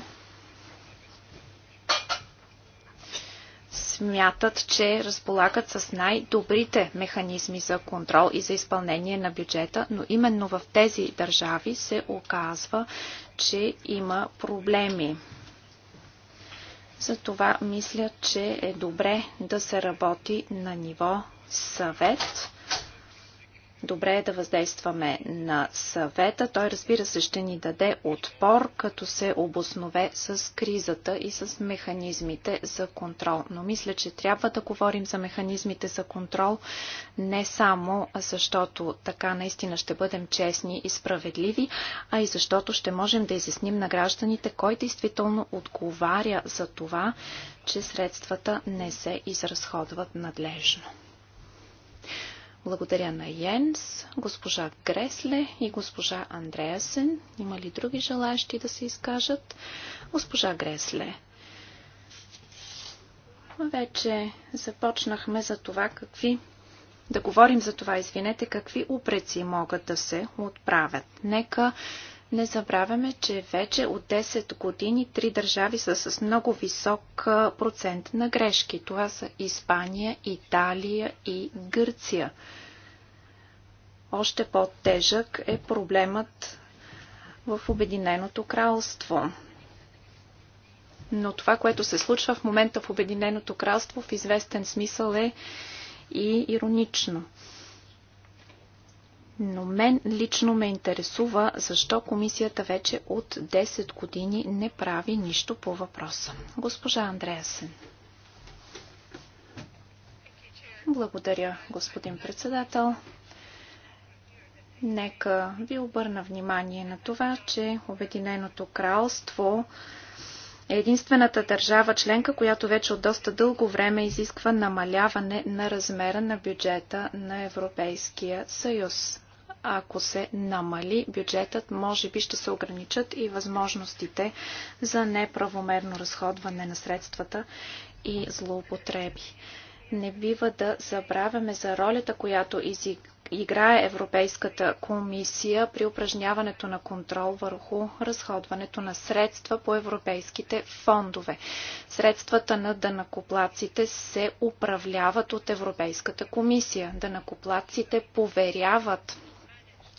смятат, че разполагат с най-добрите механизми за контрол и за изпълнение на бюджета, но именно в тези държави се оказва, че има проблеми. Затова мисля, че е добре да се работи на ниво съвет Добре е да въздействаме на съвета. Той, разбира се, ще ни даде отпор, като се обоснове с кризата и с механизмите за контрол. Но мисля, че трябва да говорим за механизмите за контрол не само защото така наистина ще бъдем честни и справедливи, а и защото ще можем да изясним на гражданите кой действително отговаря за това, че средствата не се изразходват надлежно. Благодаря на Йенс, госпожа Гресле и госпожа Андреасен. Има ли други желаящи да се изкажат? Госпожа Гресле. Вече започнахме за това какви да говорим за това, извинете, какви упреци могат да се отправят. Нека не забравяме, че вече от 10 години три държави са с много висок процент на грешки. Това са Испания, Италия и Гърция. Още по-тежък е проблемът в Обединеното кралство. Но това, което се случва в момента в Обединеното кралство, в известен смисъл е и иронично. Но мен лично ме интересува защо комисията вече от 10 години не прави нищо по въпроса. Госпожа Андреасен. Благодаря, господин председател. Нека ви обърна внимание на това, че Обединеното кралство е единствената държава членка, която вече от доста дълго време изисква намаляване на размера на бюджета на Европейския съюз ако се намали бюджетът, може би ще се ограничат и възможностите за неправомерно разходване на средствата и злоупотреби. Не бива да забравяме за ролята, която играе Европейската комисия при упражняването на контрол върху разходването на средства по европейските фондове. Средствата на дънакоплаците се управляват от Европейската комисия. Дънакоплаците поверяват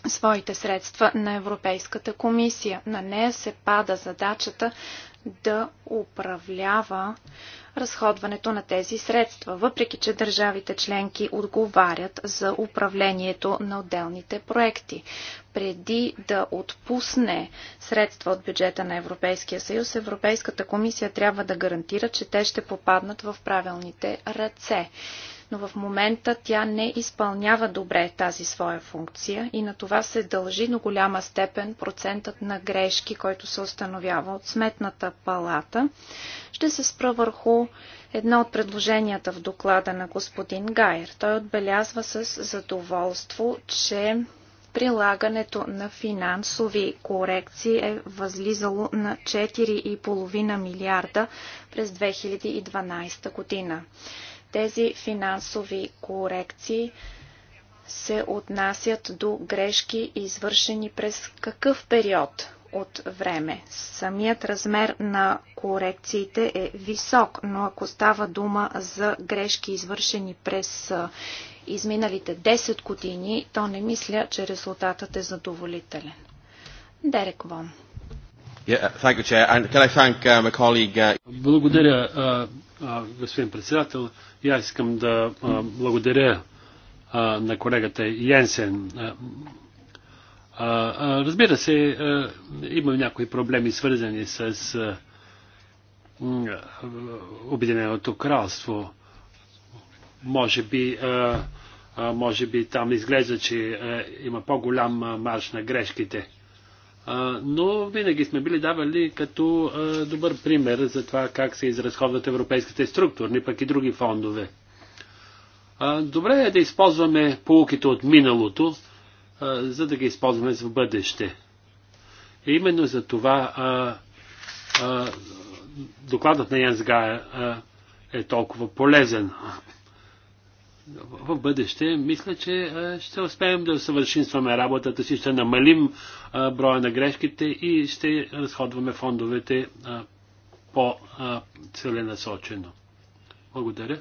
своите средства на Европейската комисия. На нея се пада задачата да управлява разходването на тези средства, въпреки че държавите членки отговарят за управлението на отделните проекти. Преди да отпусне средства от бюджета на Европейския съюз, Европейската комисия трябва да гарантира, че те ще попаднат в правилните ръце но в момента тя не изпълнява добре тази своя функция и на това се дължи до голяма степен процентът на грешки, който се установява от Сметната палата. Ще се спра върху едно от предложенията в доклада на господин Гайер. Той отбелязва с задоволство, че прилагането на финансови корекции е възлизало на 4,5 милиарда през 2012 година. Тези финансови корекции се отнасят до грешки, извършени през какъв период от време. Самият размер на корекциите е висок, но ако става дума за грешки, извършени през изминалите 10 години, то не мисля, че резултатът е задоволителен. Дерек Вон. Благодаря, господин председател. И аз искам да благодаря на колегата Йенсен. Разбира се, има някои проблеми свързани с Обединеното кралство. Може би, може би там изглежда, че има по-голям марш на грешките но винаги сме били давали като добър пример за това как се изразходват европейските структурни, пък и други фондове. Добре е да използваме полуките от миналото, за да ги използваме в бъдеще. И именно за това а, а, докладът на Янс Гая е толкова полезен в бъдеще, мисля, че е, ще успеем да съвършинстваме работата си, ще намалим е, броя на грешките и ще разходваме фондовете е, по-целенасочено. Благодаря.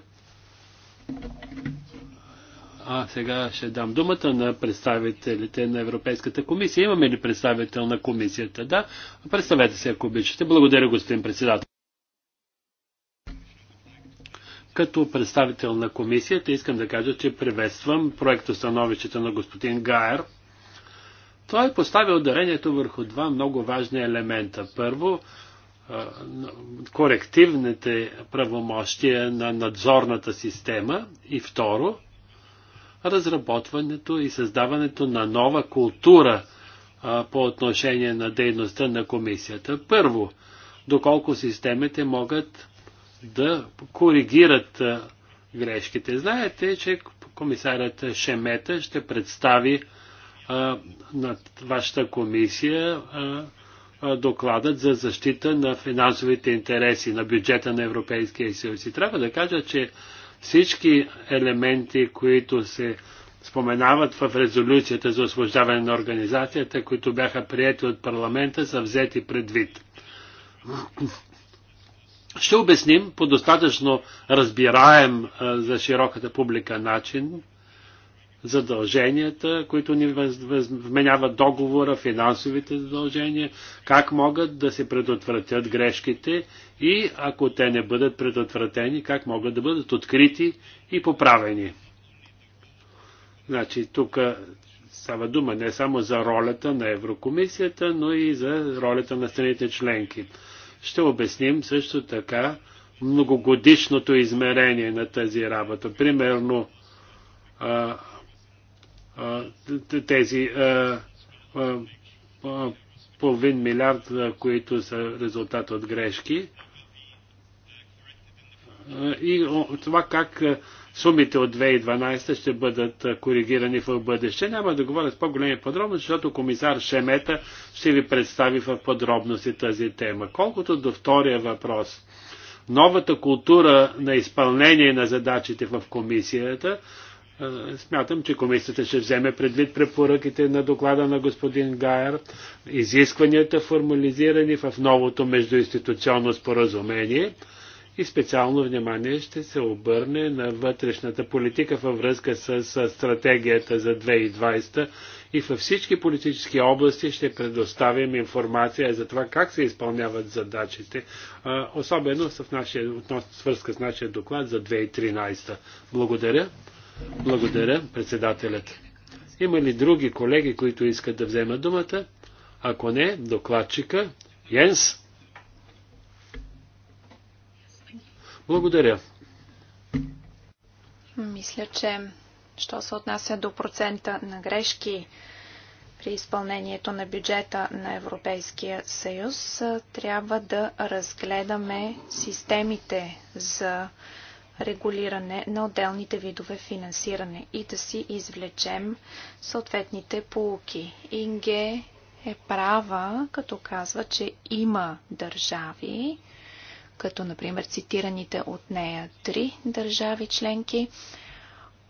А сега ще дам думата на представителите на Европейската комисия. Имаме ли представител на комисията? Да. Представете се, ако обичате. Благодаря, господин председател. Като представител на комисията искам да кажа, че приветствам проекто становището на господин Гайер. Той е поставя ударението върху два много важни елемента. Първо, корективните правомощия на надзорната система и второ, разработването и създаването на нова култура по отношение на дейността на комисията. Първо, доколко системите могат да коригират грешките. Знаете, че комисарят Шемета ще представи а, на вашата комисия а, а, докладът за защита на финансовите интереси на бюджета на Европейския съюз. И трябва да кажа, че всички елементи, които се споменават в резолюцията за освобождаване на организацията, които бяха прияти от парламента, са взети предвид ще обясним по достатъчно разбираем е, за широката публика начин задълженията, които ни вменяват договора, финансовите задължения, как могат да се предотвратят грешките и ако те не бъдат предотвратени, как могат да бъдат открити и поправени. Значи тук е, става дума не само за ролята на Еврокомисията, но и за ролята на страните членки ще обясним също така многогодишното измерение на тази работа. Примерно а, а, тези а, а, половин милиард, които са резултат от грешки. И това как сумите от 2012 ще бъдат коригирани в бъдеще. Няма да говоря с по-големи подробности, защото комисар Шемета ще ви представи в подробности тази тема. Колкото до втория въпрос, новата култура на изпълнение на задачите в комисията, Смятам, че комисията ще вземе предвид препоръките на доклада на господин Гайер, изискванията формализирани в новото междуинституционно споразумение и специално внимание ще се обърне на вътрешната политика във връзка с стратегията за 2020 и във всички политически области ще предоставим информация за това как се изпълняват задачите, особено в нашия, относно връзка с нашия доклад за 2013. Благодаря. Благодаря, председателят. Има ли други колеги, които искат да вземат думата? Ако не, докладчика Йенс. Благодаря. Мисля, че що се отнася до процента на грешки при изпълнението на бюджета на Европейския съюз, трябва да разгледаме системите за регулиране на отделните видове финансиране и да си извлечем съответните полуки. Инге е права, като казва, че има държави, като например цитираните от нея три държави членки,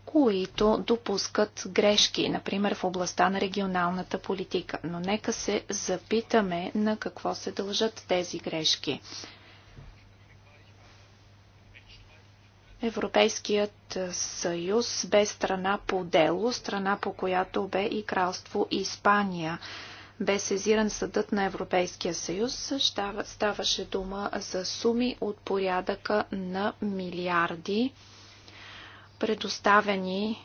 които допускат грешки, например в областта на регионалната политика. Но нека се запитаме на какво се дължат тези грешки. Европейският съюз бе страна по дело, страна по която бе и кралство Испания бе сезиран съдът на Европейския съюз, ставаше дума за суми от порядъка на милиарди, предоставени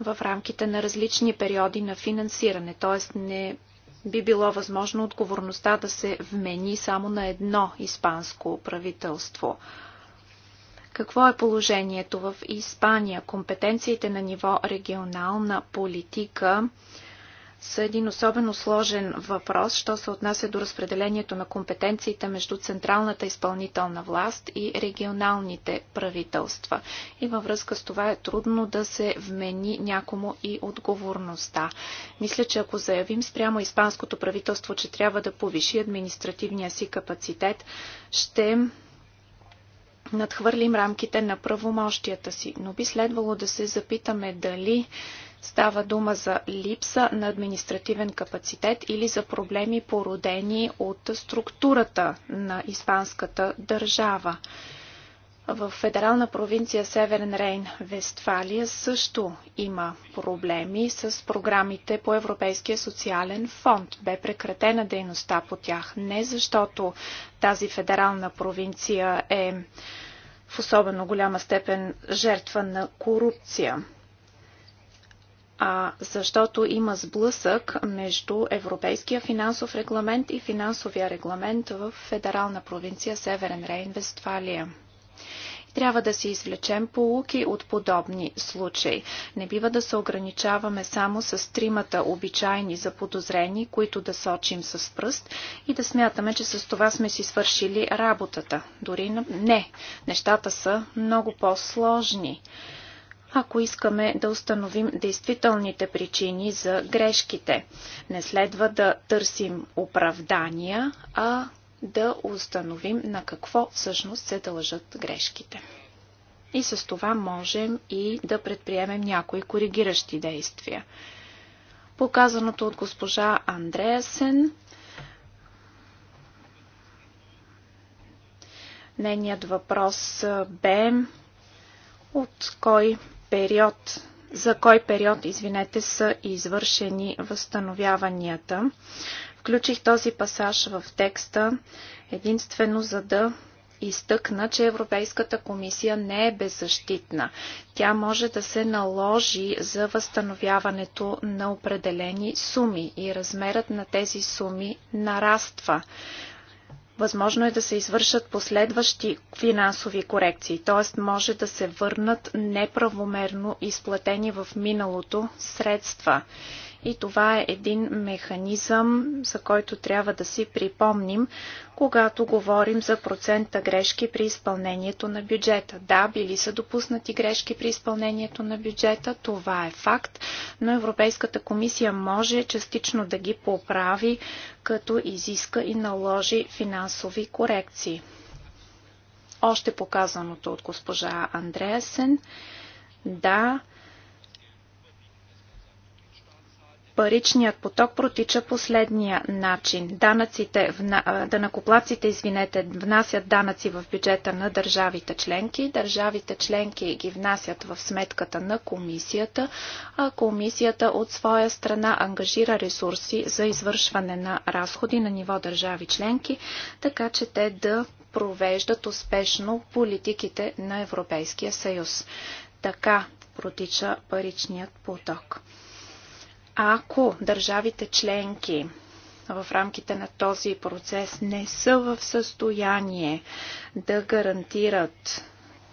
в рамките на различни периоди на финансиране. Т.е. не би било възможно отговорността да се вмени само на едно испанско правителство. Какво е положението в Испания? Компетенциите на ниво регионална политика са един особено сложен въпрос, що се отнася до разпределението на компетенциите между централната изпълнителна власт и регионалните правителства. И във връзка с това е трудно да се вмени някому и отговорността. Мисля, че ако заявим спрямо испанското правителство, че трябва да повиши административния си капацитет, ще надхвърлим рамките на правомощията си. Но би следвало да се запитаме дали Става дума за липса на административен капацитет или за проблеми породени от структурата на испанската държава. В федерална провинция Северен Рейн, Вестфалия също има проблеми с програмите по Европейския социален фонд. Бе прекратена дейността по тях не защото тази федерална провинция е в особено голяма степен жертва на корупция а защото има сблъсък между Европейския финансов регламент и финансовия регламент в федерална провинция Северен Рейн-Вестфалия трябва да си извлечем полуки от подобни случаи. Не бива да се ограничаваме само с тримата обичайни заподозрени, които да сочим с пръст и да смятаме, че с това сме си свършили работата. Дори не. Нещата са много по-сложни ако искаме да установим действителните причини за грешките. Не следва да търсим оправдания, а да установим на какво всъщност се дължат грешките. И с това можем и да предприемем някои коригиращи действия. Показаното от госпожа Андреасен, нейният въпрос бе от кой период, за кой период, извинете, са извършени възстановяванията. Включих този пасаж в текста единствено за да изтъкна, че Европейската комисия не е беззащитна. Тя може да се наложи за възстановяването на определени суми и размерът на тези суми нараства възможно е да се извършат последващи финансови корекции, т.е. може да се върнат неправомерно изплатени в миналото средства. И това е един механизъм, за който трябва да си припомним, когато говорим за процента грешки при изпълнението на бюджета. Да, били са допуснати грешки при изпълнението на бюджета, това е факт, но Европейската комисия може частично да ги поправи, като изиска и наложи финансови корекции. Още показаното от госпожа Андреасен. Да, паричният поток протича последния начин. Данъците, данъкоплаците, извинете, внасят данъци в бюджета на държавите членки. Държавите членки ги внасят в сметката на комисията, а комисията от своя страна ангажира ресурси за извършване на разходи на ниво държави членки, така че те да провеждат успешно политиките на Европейския съюз. Така протича паричният поток. Ако държавите членки в рамките на този процес не са в състояние да гарантират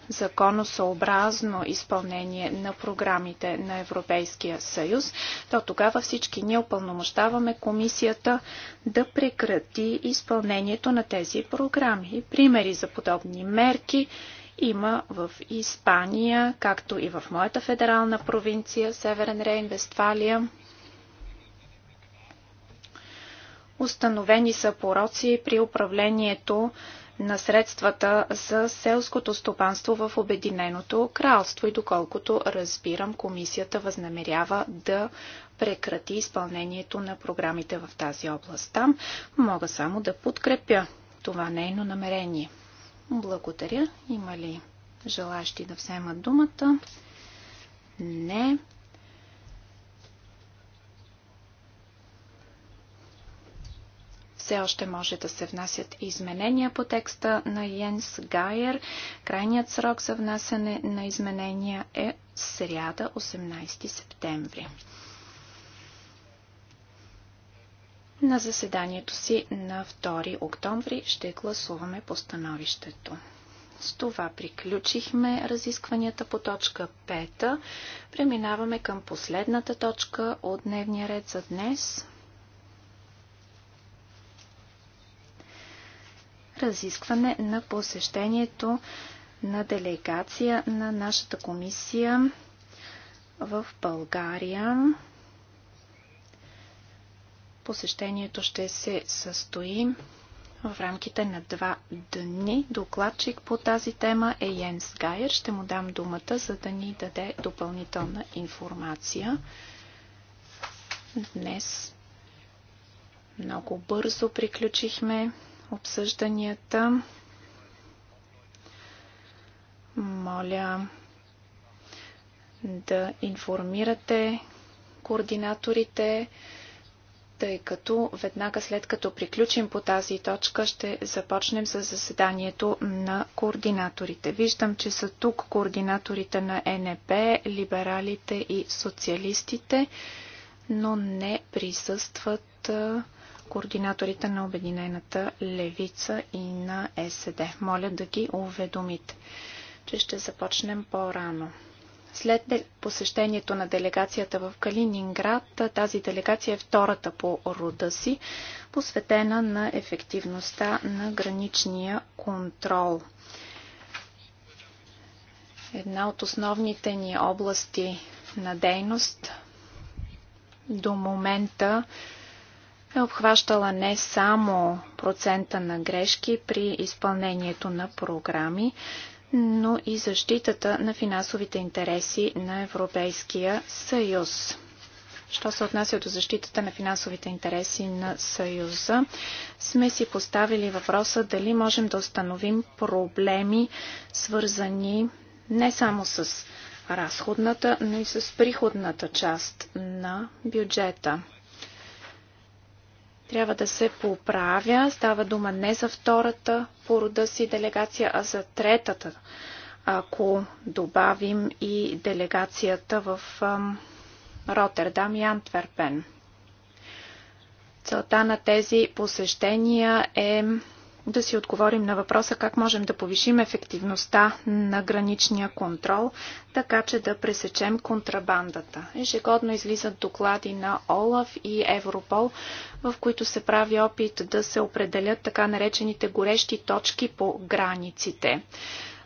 законосъобразно изпълнение на програмите на Европейския съюз, то тогава всички ние опълномощаваме комисията да прекрати изпълнението на тези програми. примери за подобни мерки има в Испания, както и в моята федерална провинция, Северен Рейн, Вестфалия, Установени са пороци при управлението на средствата за селското стопанство в Обединеното кралство и доколкото разбирам, комисията възнамерява да прекрати изпълнението на програмите в тази област. Там мога само да подкрепя това нейно намерение. Благодаря. Има ли желащи да вземат думата? Не. Все още може да се внасят изменения по текста на Йенс Гайер. Крайният срок за внасяне на изменения е сряда 18 септември. На заседанието си на 2 октомври ще гласуваме по становището. С това приключихме разискванията по точка 5. Преминаваме към последната точка от дневния ред за днес. разискване на посещението на делегация на нашата комисия в България. Посещението ще се състои в рамките на два дни. Докладчик по тази тема е Йенс Гайер. Ще му дам думата, за да ни даде допълнителна информация. Днес много бързо приключихме обсъжданията. Моля да информирате координаторите, тъй като веднага след като приключим по тази точка, ще започнем с заседанието на координаторите. Виждам, че са тук координаторите на НП, либералите и социалистите, но не присъстват координаторите на Обединената левица и на СД. Моля да ги уведомите, че ще започнем по-рано. След посещението на делегацията в Калининград, тази делегация е втората по рода си, посветена на ефективността на граничния контрол. Една от основните ни области на дейност до момента е обхващала не само процента на грешки при изпълнението на програми, но и защитата на финансовите интереси на Европейския съюз. Що се отнася до защитата на финансовите интереси на Съюза, сме си поставили въпроса дали можем да установим проблеми, свързани не само с разходната, но и с приходната част на бюджета трябва да се поправя. Става дума не за втората по рода си делегация, а за третата, ако добавим и делегацията в Роттердам и Антверпен. Целта на тези посещения е да си отговорим на въпроса как можем да повишим ефективността на граничния контрол, така че да пресечем контрабандата. Ежегодно излизат доклади на ОЛАФ и Европол, в които се прави опит да се определят така наречените горещи точки по границите.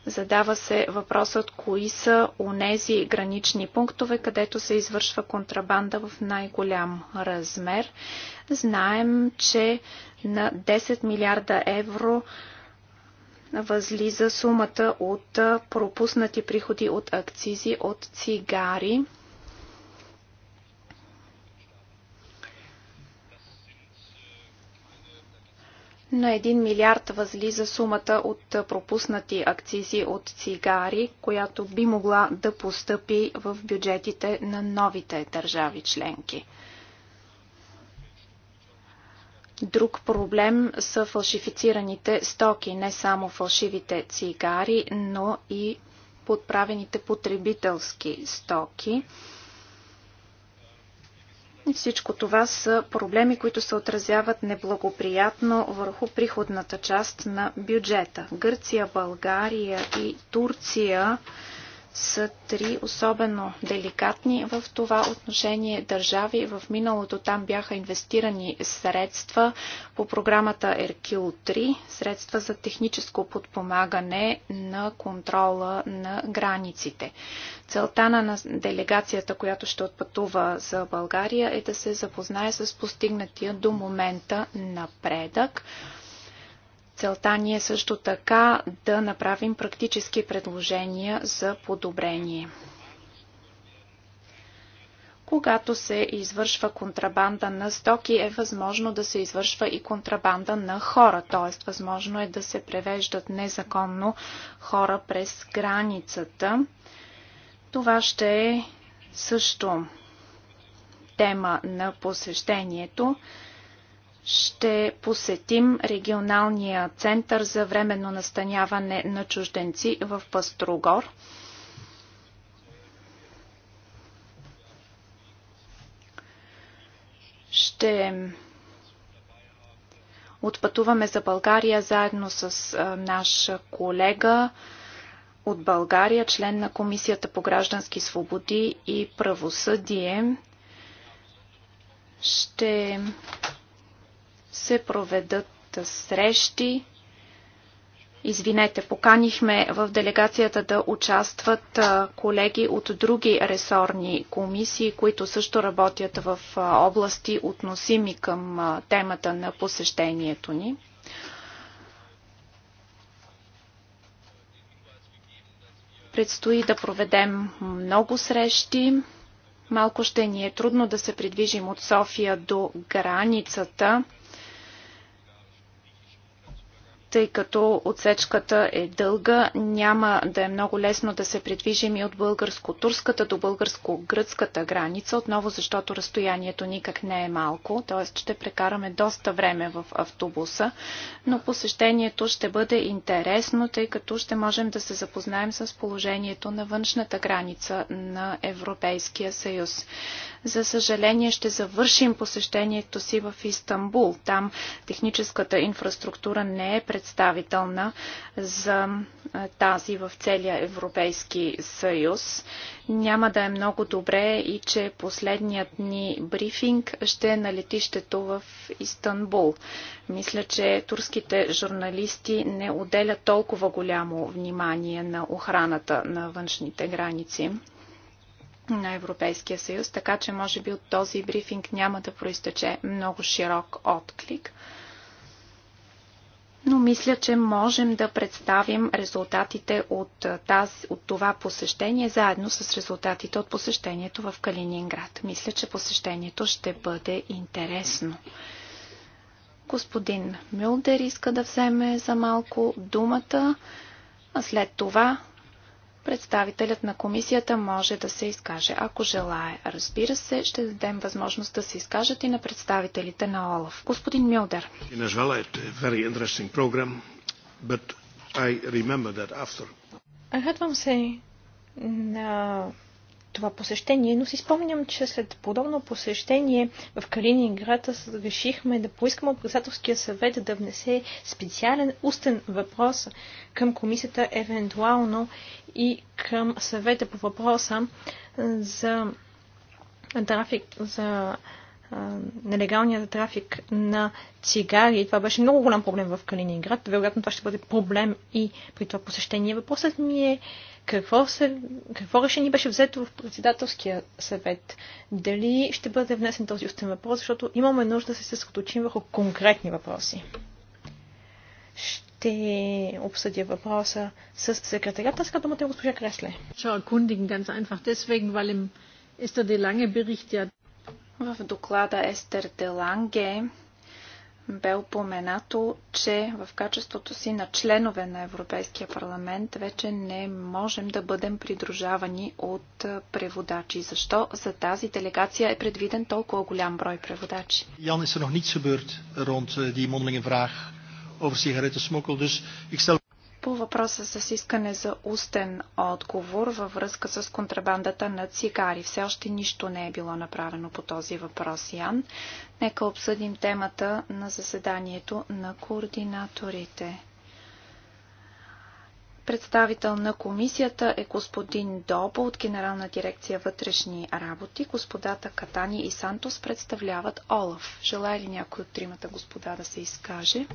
Задава се въпросът кои са онези гранични пунктове, където се извършва контрабанда в най-голям размер. Знаем, че на 10 милиарда евро възлиза сумата от пропуснати приходи от акцизи от цигари. На 1 милиард възлиза сумата от пропуснати акцизи от цигари, която би могла да постъпи в бюджетите на новите държави членки. Друг проблем са фалшифицираните стоки, не само фалшивите цигари, но и подправените потребителски стоки. И всичко това са проблеми, които се отразяват неблагоприятно върху приходната част на бюджета. Гърция, България и Турция са три особено деликатни в това отношение държави. В миналото там бяха инвестирани средства по програмата Еркил 3, средства за техническо подпомагане на контрола на границите. Целта на делегацията, която ще отпътува за България е да се запознае с постигнатия до момента напредък. Целта ни е също така да направим практически предложения за подобрение. Когато се извършва контрабанда на стоки, е възможно да се извършва и контрабанда на хора, т.е. възможно е да се превеждат незаконно хора през границата. Това ще е също тема на посещението ще посетим регионалния център за временно настаняване на чужденци в Пастрогор. Ще отпътуваме за България заедно с наш колега от България, член на Комисията по граждански свободи и правосъдие. Ще се проведат срещи. Извинете, поканихме в делегацията да участват колеги от други ресорни комисии, които също работят в области относими към темата на посещението ни. Предстои да проведем много срещи. Малко ще ни е трудно да се придвижим от София до границата тъй като отсечката е дълга, няма да е много лесно да се придвижим и от българско-турската до българско-гръцката граница, отново защото разстоянието никак не е малко, т.е. ще прекараме доста време в автобуса, но посещението ще бъде интересно, тъй като ще можем да се запознаем с положението на външната граница на Европейския съюз. За съжаление ще завършим посещението си в Истанбул. Там техническата инфраструктура не е пред представителна за тази в целия Европейски съюз. Няма да е много добре и че последният ни брифинг ще е на летището в Истанбул. Мисля, че турските журналисти не отделят толкова голямо внимание на охраната на външните граници на Европейския съюз, така че може би от този брифинг няма да проистече много широк отклик но мисля, че можем да представим резултатите от, таз, от това посещение заедно с резултатите от посещението в Калининград. Мисля, че посещението ще бъде интересно. Господин Мюлдер иска да вземе за малко думата, а след това представителят на комисията може да се изкаже, ако желае. Разбира се, ще дадем възможност да се изкажат и на представителите на ОЛАФ. Господин Милдер. Е Радвам се на това посещение, но си спомням, че след подобно посещение в Калининград решихме да поискаме от председателския съвет да внесе специален устен въпрос към комисията, евентуално и към съвета по въпроса за трафик, за нелегалният трафик на цигари. Това беше много голям проблем в Калининград. Вероятно това ще бъде проблем и при това посещение. Въпросът ми е какво, се, какво решение беше взето в председателския съвет? Дали ще бъде внесен този устен въпрос, защото имаме нужда да се съсредоточим върху конкретни въпроси. Ще обсъдя въпроса с секретарята. ска думата е госпожа Кресле. Чао, Кундин, ganz einfach deswegen, weil im ist der lange Bericht ja в доклада Естер Деланге бе упоменато, че в качеството си на членове на Европейския парламент вече не можем да бъдем придружавани от преводачи. Защо за тази делегация е предвиден толкова голям брой преводачи? Ян, is er nog niets gebeurd rond die mondelinge vraag over sigarettensmokkel, dus ik stel... По въпроса с искане за устен отговор във връзка с контрабандата на цигари. Все още нищо не е било направено по този въпрос, Ян. Нека обсъдим темата на заседанието на координаторите. Представител на комисията е господин Добо от Генерална дирекция вътрешни работи. Господата Катани и Сантос представляват Олаф. Желая ли някой от тримата господа да се изкаже?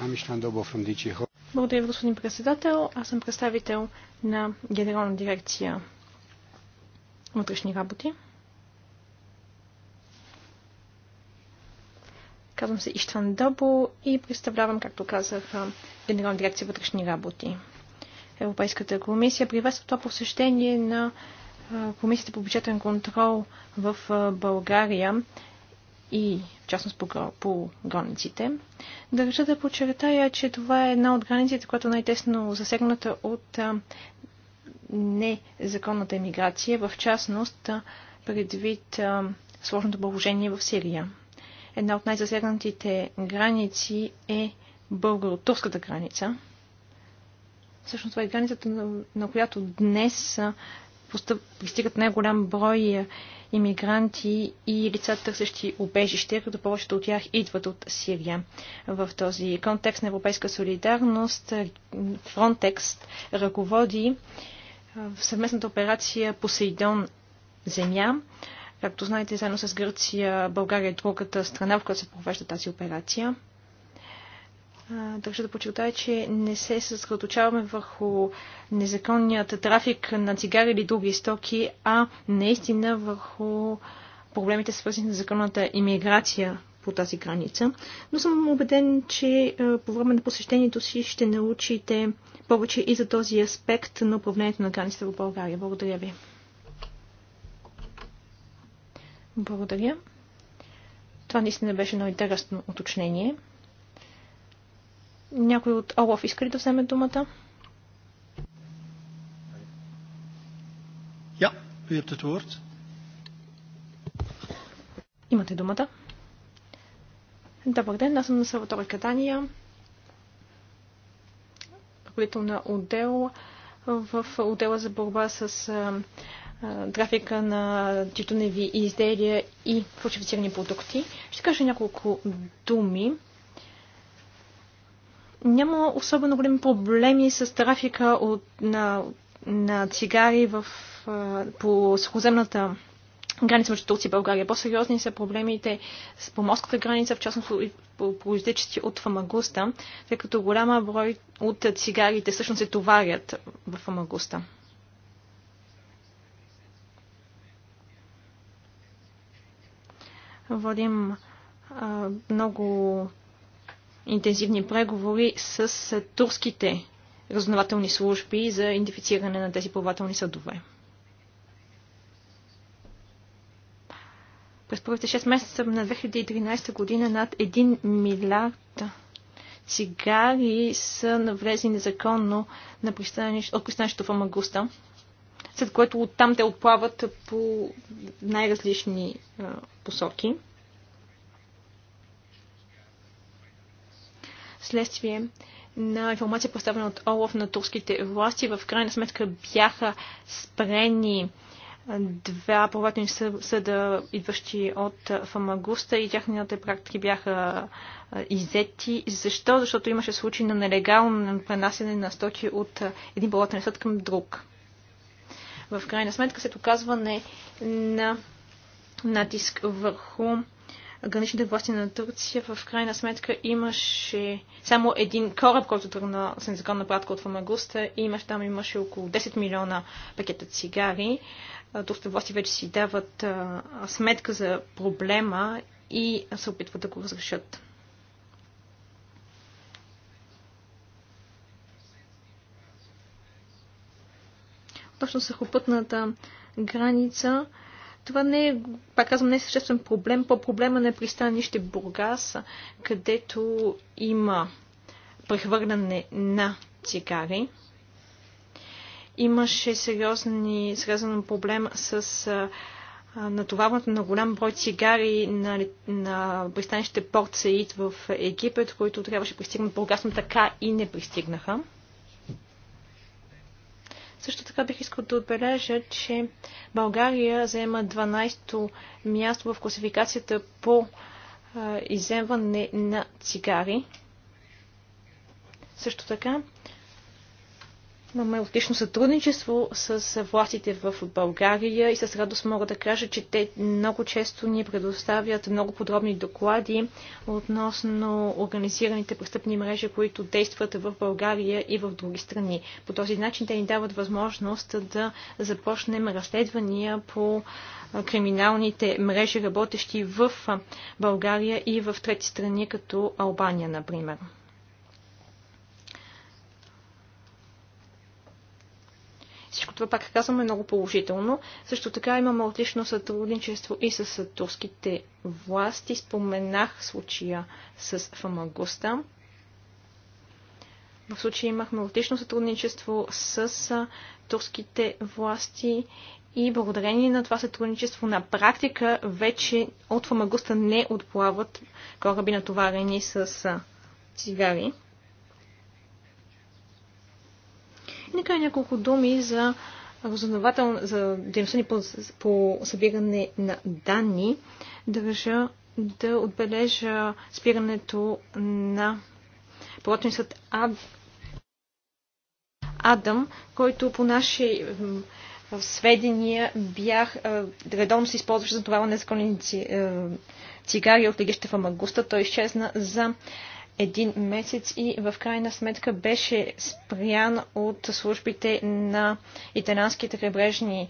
Амиштан uh, Добо from DG благодаря, господин председател. Аз съм представител на Генерална дирекция вътрешни работи. Казвам се Иштван Дабо и представлявам, както казах, Генерална дирекция вътрешни работи. Европейската комисия приветства това посещение на Комисията по бюджетен контрол в България и в частност по, по границите. Държа да подчертая, че това е една от границите, която е най-тесно засегната от а, незаконната емиграция, в частност а, предвид а, сложното положение в Сирия. Една от най-засегнатите граници е българо-турската граница. Всъщност това е границата, на, на която днес пристигат най-голям брой е, иммигранти и лица търсещи убежище, като повечето от тях идват от Сирия. В този контекст на европейска солидарност е, Frontex ръководи в е, съвместната операция Посейдон земя. Както знаете, заедно с Гърция, България е другата страна, в която се провежда тази операция. Държа да подчертая, че не се съсредоточаваме върху незаконният трафик на цигари или други стоки, а наистина върху проблемите свързани с незаконната иммиграция по тази граница. Но съм убеден, че по време на посещението си ще научите повече и за този аспект на управлението на границите в България. Благодаря ви. Благодаря. Това наистина беше едно интересно уточнение. Някой от Олаф иска ли да вземе думата? Ja, u hebt het woord. Имате думата. Добър ден, аз съм на Салватори Катания, ръководител на отдел в отдела за борба с а, а, трафика на тютюневи изделия и фалшифицирани продукти. Ще кажа няколко думи няма особено големи проблеми с трафика от, на, на цигари в, по сухоземната граница между Турция и България. По-сериозни са проблемите с поморската граница, в частност произтичащи от Фамагуста, тъй като голяма брой от цигарите всъщност се товарят в Фамагуста. Водим а, много интензивни преговори с е, турските разнователни служби за идентифициране на тези плавателни съдове. През първите 6 месеца на 2013 година над 1 милиард цигари са навлезли незаконно на пристанищ, от пристанището в Амагуста, след което оттам те отплават по най-различни е, посоки. следствие на информация поставена от Олов на турските власти. В крайна сметка бяха спрени два правотни съда, идващи от Фамагуста и тяхните практики бяха иззети. Защо? Защото имаше случай на нелегално пренасене на стоки от един правотен съд към друг. В крайна сметка се оказване на натиск върху граничните власти на Турция, в крайна сметка имаше само един кораб, който тръгна с незаконна пратка от Фамагуста и имаш, там имаше около 10 милиона пакета цигари. Турските власти вече си дават а, сметка за проблема и се опитват да го разрешат. Точно съхопътната граница това не е, пак казвам, не е съществен проблем. По-проблема на пристанище Бургас, където има прехвърляне на цигари. Имаше сериозни, сериозен проблем с а, натоварването на голям брой цигари на, на пристанище Порт Саид в Египет, които трябваше пристигнат Бургас, но така и не пристигнаха. Също така бих искал да отбележа, че България заема 12-то място в класификацията по иземване на цигари. Също така Имаме отлично сътрудничество с властите в България и с радост мога да кажа, че те много често ни предоставят много подробни доклади относно организираните престъпни мрежи, които действат в България и в други страни. По този начин те ни дават възможност да започнем разследвания по криминалните мрежи, работещи в България и в трети страни, като Албания, например. Всичко това, пак казвам, е много положително. Също така имаме отлично сътрудничество и с турските власти. Споменах случая с Фамагуста. В случая имахме отлично сътрудничество с турските власти и благодарение на това сътрудничество на практика вече от Фамагуста не отплават кораби натоварени с цигари. И накрая няколко думи за разузнавател за дейността ни по, по събиране на данни. Държа да отбележа спирането на плотницът Ад... Адам, който по наши сведения бях редовно се използваше за това на незаконни цигари от легища в Амагуста. Той изчезна за един месец и в крайна сметка беше спрян от службите на италянските крайбрежни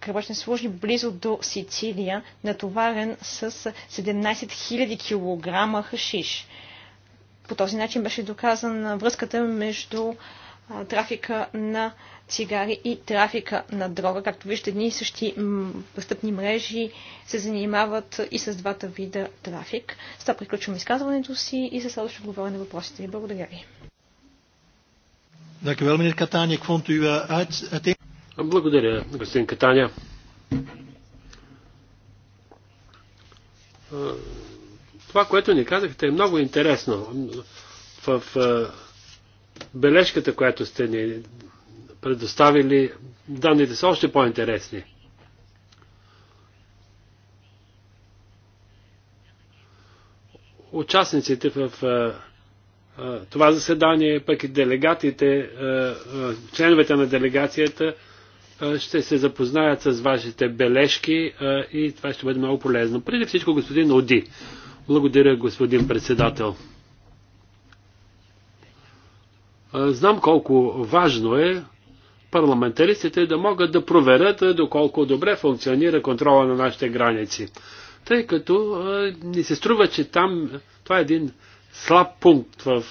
кръбъчни служби близо до Сицилия, натоварен с 17 000 кг хашиш. По този начин беше доказана връзката между трафика на цигари и трафика на дрога. Както виждате, едни и същи престъпни мрежи се занимават и с двата вида трафик. С това приключвам изказването си и със следващо отговоря на въпросите ви. Благодаря ви. Eh, Благодаря, господин Катаня. Е, това, което ни казахте, е много интересно. В бележката, която сте ни предоставили, данните са още по-интересни. Участниците в това заседание, пък и делегатите, членовете на делегацията ще се запознаят с вашите бележки и това ще бъде много полезно. Преди всичко, господин Оди. Благодаря, господин председател. Е, знам колко важно е парламентаристите да могат да проверят е, доколко добре функционира контрола на нашите граници. Тъй като е, ни се струва, че там това е един слаб пункт в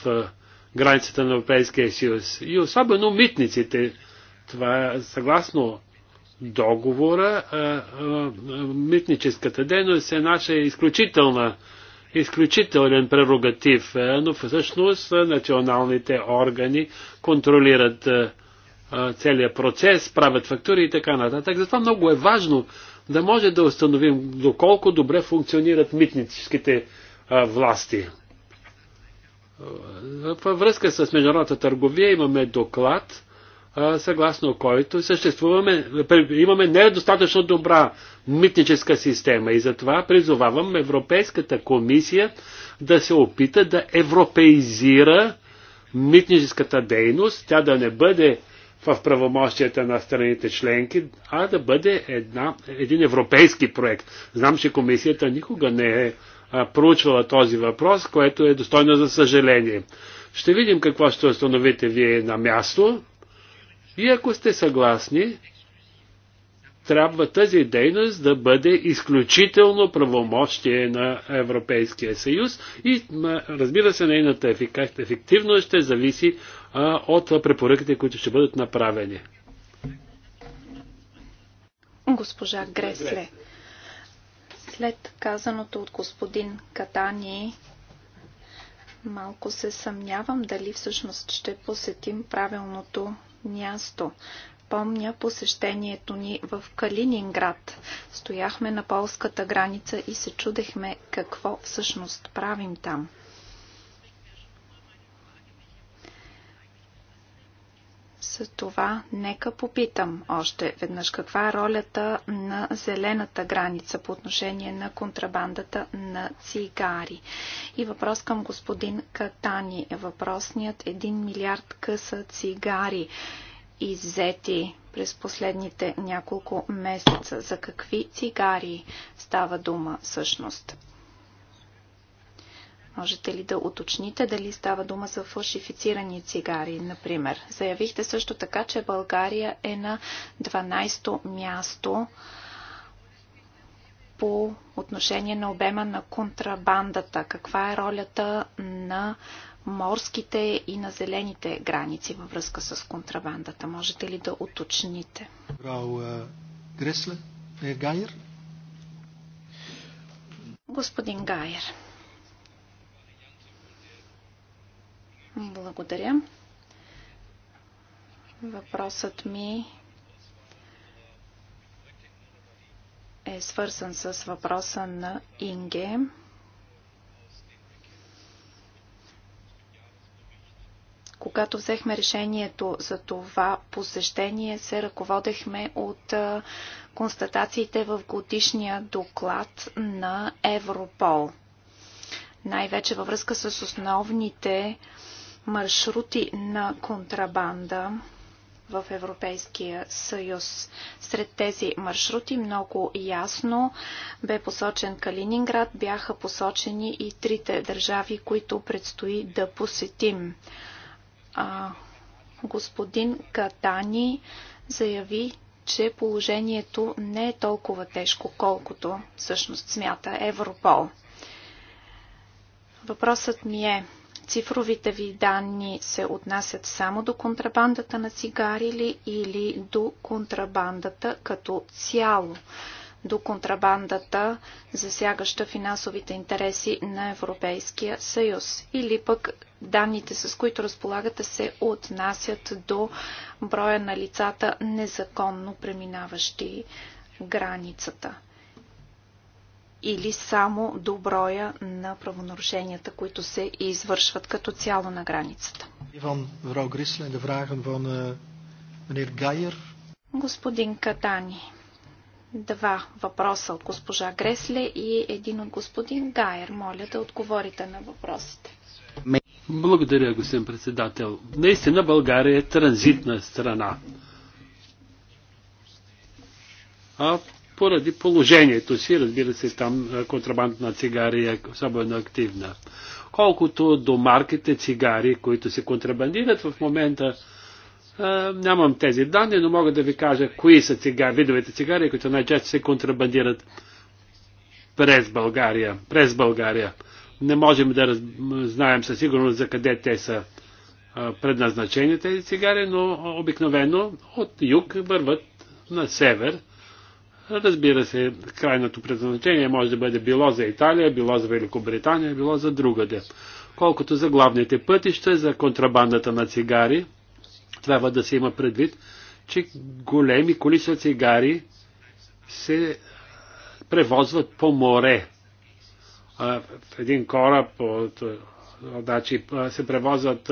границата на Европейския съюз. И особено митниците. Това е съгласно договора, митническата дейност е наша изключителна изключителен прерогатив, е, но всъщност е, националните органи контролират е, целият процес, правят фактури и така нататък. Затова много е важно да може да установим доколко добре функционират митническите власти. Във връзка с международната търговия имаме доклад, съгласно който съществуваме, имаме недостатъчно добра митническа система и затова призовавам Европейската комисия да се опита да европеизира митническата дейност, тя да не бъде в правомощията на страните членки, а да бъде една, един европейски проект. Знам, че комисията никога не е проучвала този въпрос, което е достойно за съжаление. Ще видим какво ще установите вие на място и ако сте съгласни, трябва тази дейност да бъде изключително правомощие на Европейския съюз и разбира се, нейната ефективност ще зависи а, от препоръките, които ще бъдат направени. Госпожа Гресле, след казаното от господин Катани, малко се съмнявам дали всъщност ще посетим правилното място. Помня посещението ни в Калининград. Стояхме на полската граница и се чудехме какво всъщност правим там. За това нека попитам още веднъж каква е ролята на зелената граница по отношение на контрабандата на цигари. И въпрос към господин Катани е въпросният 1 милиард къса цигари иззети през последните няколко месеца. За какви цигари става дума всъщност? Можете ли да уточните дали става дума за фалшифицирани цигари, например? Заявихте също така, че България е на 12-то място по отношение на обема на контрабандата. Каква е ролята на морските и на зелените граници във връзка с контрабандата? Можете ли да уточните? Фрау е, Гресле, е Гайер? Господин Гайер. Благодаря. Въпросът ми е свързан с въпроса на Инге. Когато взехме решението за това посещение, се ръководехме от констатациите в годишния доклад на Европол. Най-вече във връзка с основните маршрути на контрабанда в Европейския съюз. Сред тези маршрути много ясно бе посочен Калининград, бяха посочени и трите държави, които предстои да посетим. А, господин Катани заяви, че положението не е толкова тежко, колкото всъщност смята Европол. Въпросът ми е, Цифровите ви данни се отнасят само до контрабандата на цигари ли или до контрабандата като цяло? До контрабандата, засягаща финансовите интереси на Европейския съюз. Или пък данните, с които разполагате, се отнасят до броя на лицата, незаконно преминаващи границата или само до броя на правонарушенията, които се извършват като цяло на границата. Иван Врал Грисле, да vragen van eh, meneer Гайер. Господин Катани, два въпроса от госпожа Гресле и един от господин Гайер. Моля да отговорите на въпросите. Благодаря, господин председател. Наистина България е транзитна страна. А поради положението си, разбира се, там контрабандна на цигари е особено активна. Колкото до марките цигари, които се контрабандират в момента, нямам тези данни, но мога да ви кажа кои са цигари, видовете цигари, които най-често се контрабандират през България. През България. Не можем да раз... знаем със сигурност за къде те са предназначени тези цигари, но обикновено от юг върват на север Разбира се, крайното предназначение може да бъде било за Италия, било за Великобритания, било за другаде. Колкото за главните пътища, за контрабандата на цигари, трябва да се има предвид, че големи количества цигари се превозват по море. В един кораб от, значи, се превозват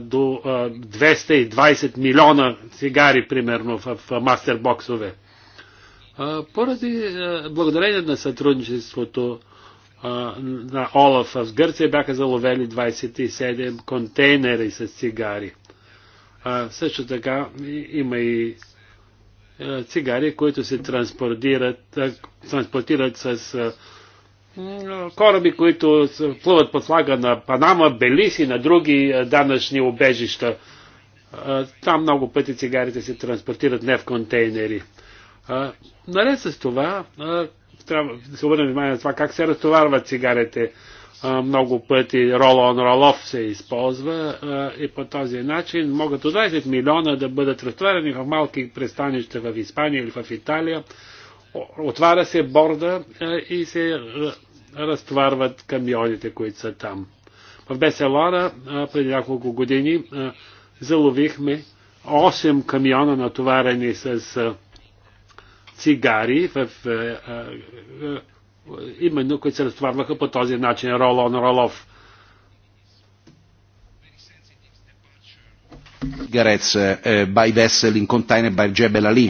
до 220 милиона цигари, примерно, в мастербоксове. Поради благодарение на сътрудничеството на Олаф в Гърция бяха заловени 27 контейнери с цигари. Също така има и цигари, които се транспортират, транспортират с кораби, които плуват под флага на Панама, Белис и на други данъчни обежища. Там много пъти цигарите се транспортират не в контейнери. А, наред с това, а, трябва да се обърнем внимание на това как се разтоварват цигарите. А, много пъти ролон ролов се използва а, и по този начин могат 20 милиона да бъдат разтоварени в малки пристанища в Испания или в Италия. Отваря се борда а, и се разтоварват камионите, които са там. В Беселора преди няколко години заловихме 8 камиона натоварени с цигари, в, а, е, а, е, е, именно които се разтоварваха по този начин, рол-он, рол-оф. cigarettes uh, by vessel in container by Jebel Ali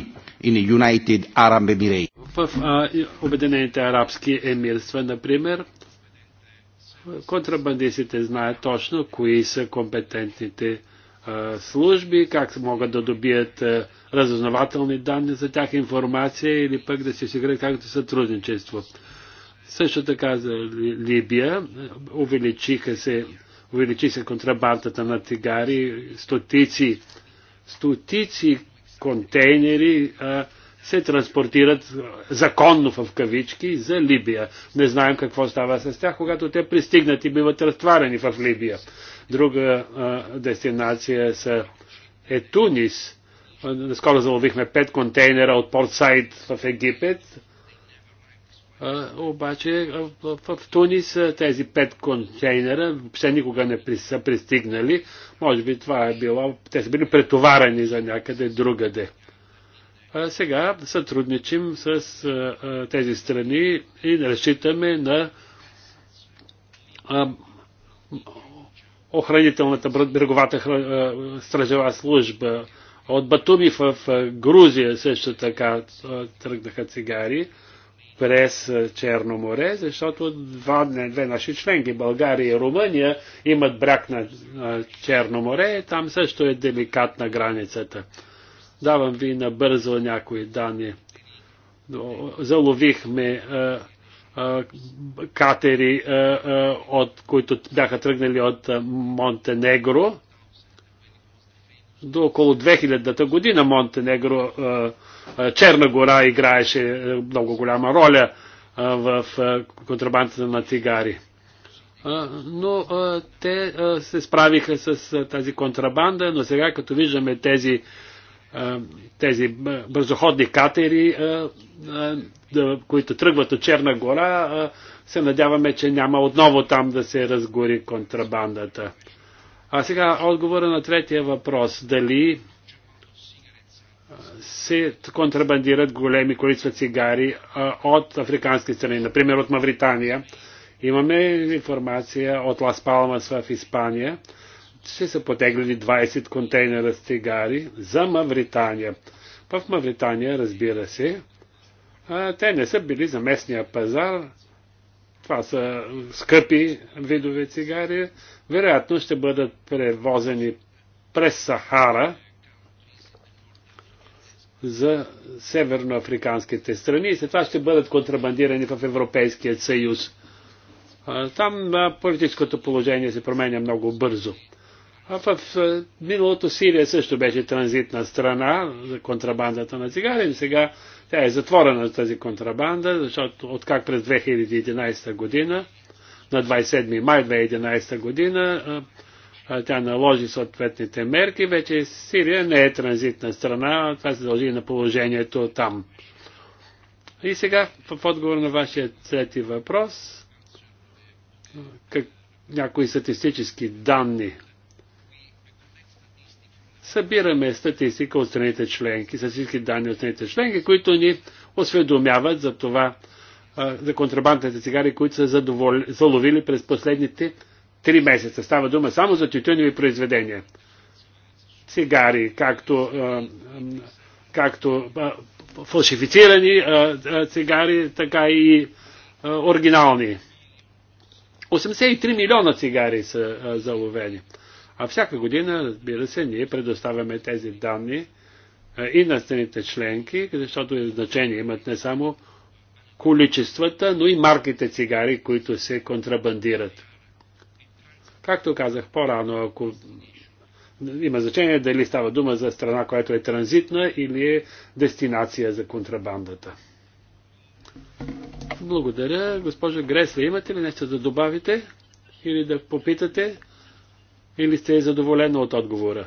in United Arab Emirates. В uh, Обединените арабски емирства, например, контрабандистите знаят точно кои са компетентните uh, служби, как могат да добият uh, разузнавателни данни за тях информация или пък да се осигурят както сътрудничество. Също така за Либия увеличиха се, увеличи се контрабандата на тигари, стотици, стотици контейнери а, се транспортират законно в кавички за Либия. Не знаем какво става с тях, когато те пристигнат и биват разтварени в Либия. Друга а, дестинация са е Тунис. Наскоро заловихме пет контейнера от Портсайд в Египет. Обаче в Тунис тези пет контейнера въобще никога не са пристигнали. Може би това е било. Те са били претоварени за някъде другаде. Сега сътрудничим с тези страни и разчитаме на охранителната бреговата стражева служба от Батуми в Грузия също така тръгнаха цигари през Черно море, защото два, не, две наши членки, България и Румъния, имат брак на Черно море. Там също е деликатна границата. Давам ви набързо някои данни. Заловихме а, а, катери, а, от, които бяха тръгнали от Монтенегро, до около 2000-та година Монтенегро, е, е, Черна гора играеше е, много голяма роля в контрабандата на цигари. Но те се справиха с тази контрабанда, но сега като виждаме тези, тези бързоходни катери, които тръгват от Черна гора, се надяваме, че няма отново там да се разгори контрабандата. А сега отговора на третия въпрос. Дали се контрабандират големи количества цигари от африкански страни, например от Мавритания. Имаме информация от Лас Палмас в Испания, че са потеглили 20 контейнера с цигари за Мавритания. В Мавритания, разбира се, те не са били за местния пазар, това са скъпи видове цигари. Вероятно ще бъдат превозени през Сахара за северноафриканските страни и след това ще бъдат контрабандирани в Европейския съюз. Там политическото положение се променя много бързо. В миналото Сирия също беше транзитна страна за контрабандата на цигари. Сега тя е затворена тази контрабанда, защото откак през 2011 година, на 27 май 2011 година, тя наложи съответните мерки, вече Сирия не е транзитна страна, това се дължи на положението там. И сега, в отговор на вашия трети въпрос, как, някои статистически данни събираме статистика от страните членки, с всички данни от страните членки, които ни осведомяват за това, за контрабандните цигари, които са заловили през последните три месеца. Става дума само за тютюневи произведения. Цигари, както, както фалшифицирани цигари, така и оригинални. 83 милиона цигари са заловени. А всяка година, разбира се, ние предоставяме тези данни и на страните членки, защото значение имат не само количествата, но и марките цигари, които се контрабандират. Както казах по-рано, ако има значение дали става дума за страна, която е транзитна или е дестинация за контрабандата. Благодаря. Госпожо Гресле, имате ли нещо да добавите или да попитате? Или сте задоволено от отговора?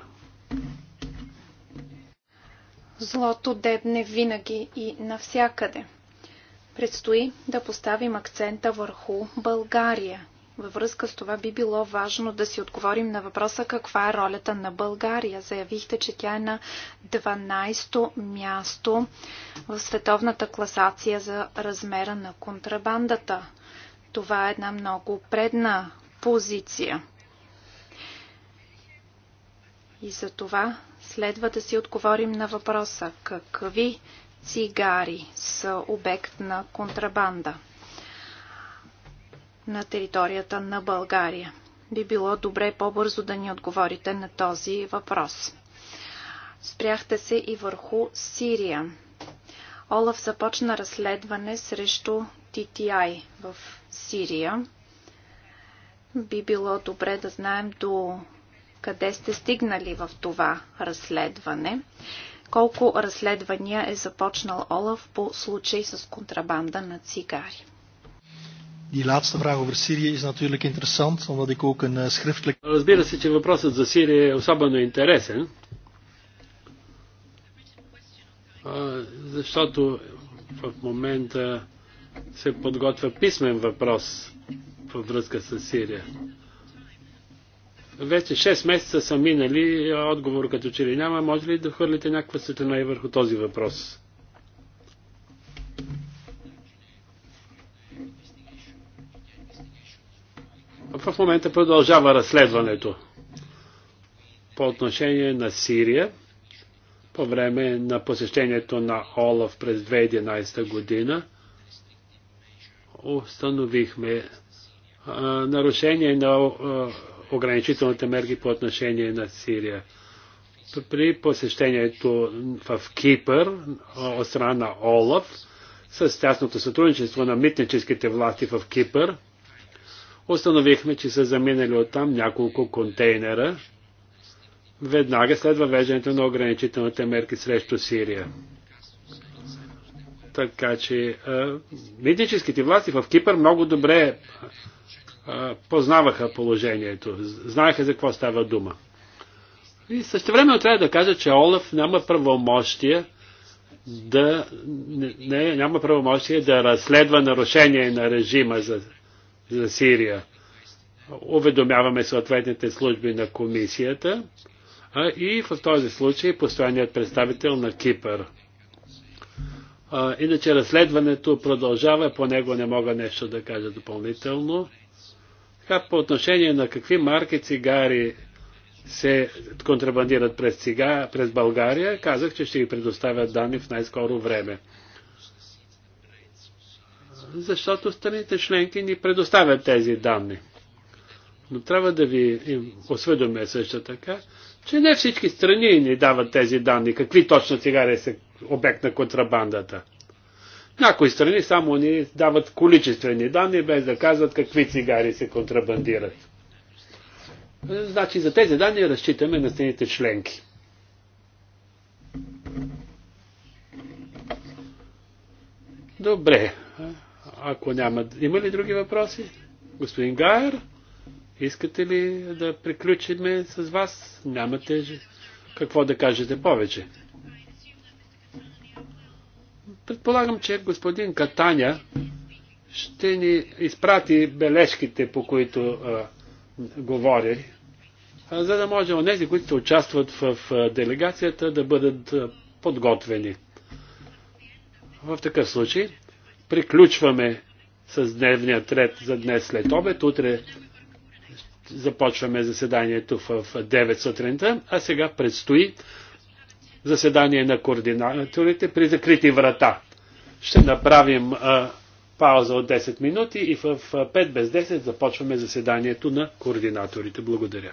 Злото дебне винаги и навсякъде. Предстои да поставим акцента върху България. Във връзка с това би било важно да си отговорим на въпроса каква е ролята на България. Заявихте, че тя е на 12-то място в световната класация за размера на контрабандата. Това е една много предна позиция. И за това следва да си отговорим на въпроса какви цигари са обект на контрабанда на територията на България. Би било добре по-бързо да ни отговорите на този въпрос. Спряхте се и върху Сирия. Олаф започна разследване срещу TTI в Сирия. Би било добре да знаем до къде сте стигнали в това разследване. Колко разследвания е започнал Олаф по случай с контрабанда на цигари? Die laatste vraag over Syrië is natuurlijk interessant, omdat ik ook een eh, schriftelijk... Разбира се, че въпросът за Сирия е особено интересен, защото в момента се подготвя писмен въпрос във връзка с Сирия. Вече 6 месеца са минали, отговор като че ли няма. Може ли да хвърлите някаква светлина и върху този въпрос? В момента продължава разследването по отношение на Сирия по време на посещението на Олаф през 2011 година. Установихме а, нарушение на а, ограничителните мерки по отношение на Сирия. При посещението в Кипър от страна на Олаф, с тясното сътрудничество на митническите власти в Кипър, установихме, че са заминали оттам няколко контейнера, веднага след въвеждането на ограничителните мерки срещу Сирия. Така че митническите власти в Кипър много добре познаваха положението, знаеха за какво става дума. И също време трябва да кажа, че Олаф няма правомощия да не, няма правомощие да разследва нарушение на режима за, за Сирия. Уведомяваме съответните служби на комисията а, и в този случай постоянният представител на Кипър. А, иначе разследването продължава, по него не мога нещо да кажа допълнително. Как по отношение на какви марки цигари се контрабандират през, цига, през България, казах, че ще ги предоставят данни в най-скоро време. Защото страните членки ни предоставят тези данни. Но трябва да ви осведоме също така, че не всички страни ни дават тези данни, какви точно цигари са обект на контрабандата. Някои страни само ни дават количествени данни, без да казват какви цигари се контрабандират. Значи за тези данни разчитаме на страните членки. Добре. Ако няма... Има ли други въпроси? Господин Гайер, искате ли да приключиме с вас? Нямате какво да кажете повече. Предполагам, че господин Катаня ще ни изпрати бележките, по които а, говори, а, за да може онези, които участват в а, делегацията, да бъдат а, подготвени. В такъв случай приключваме с дневния ред за днес след обед. Утре започваме заседанието в 9 сутринта, а сега предстои заседание на координаторите при закрити врата. Ще направим а, пауза от 10 минути и в 5 без 10 започваме заседанието на координаторите. Благодаря.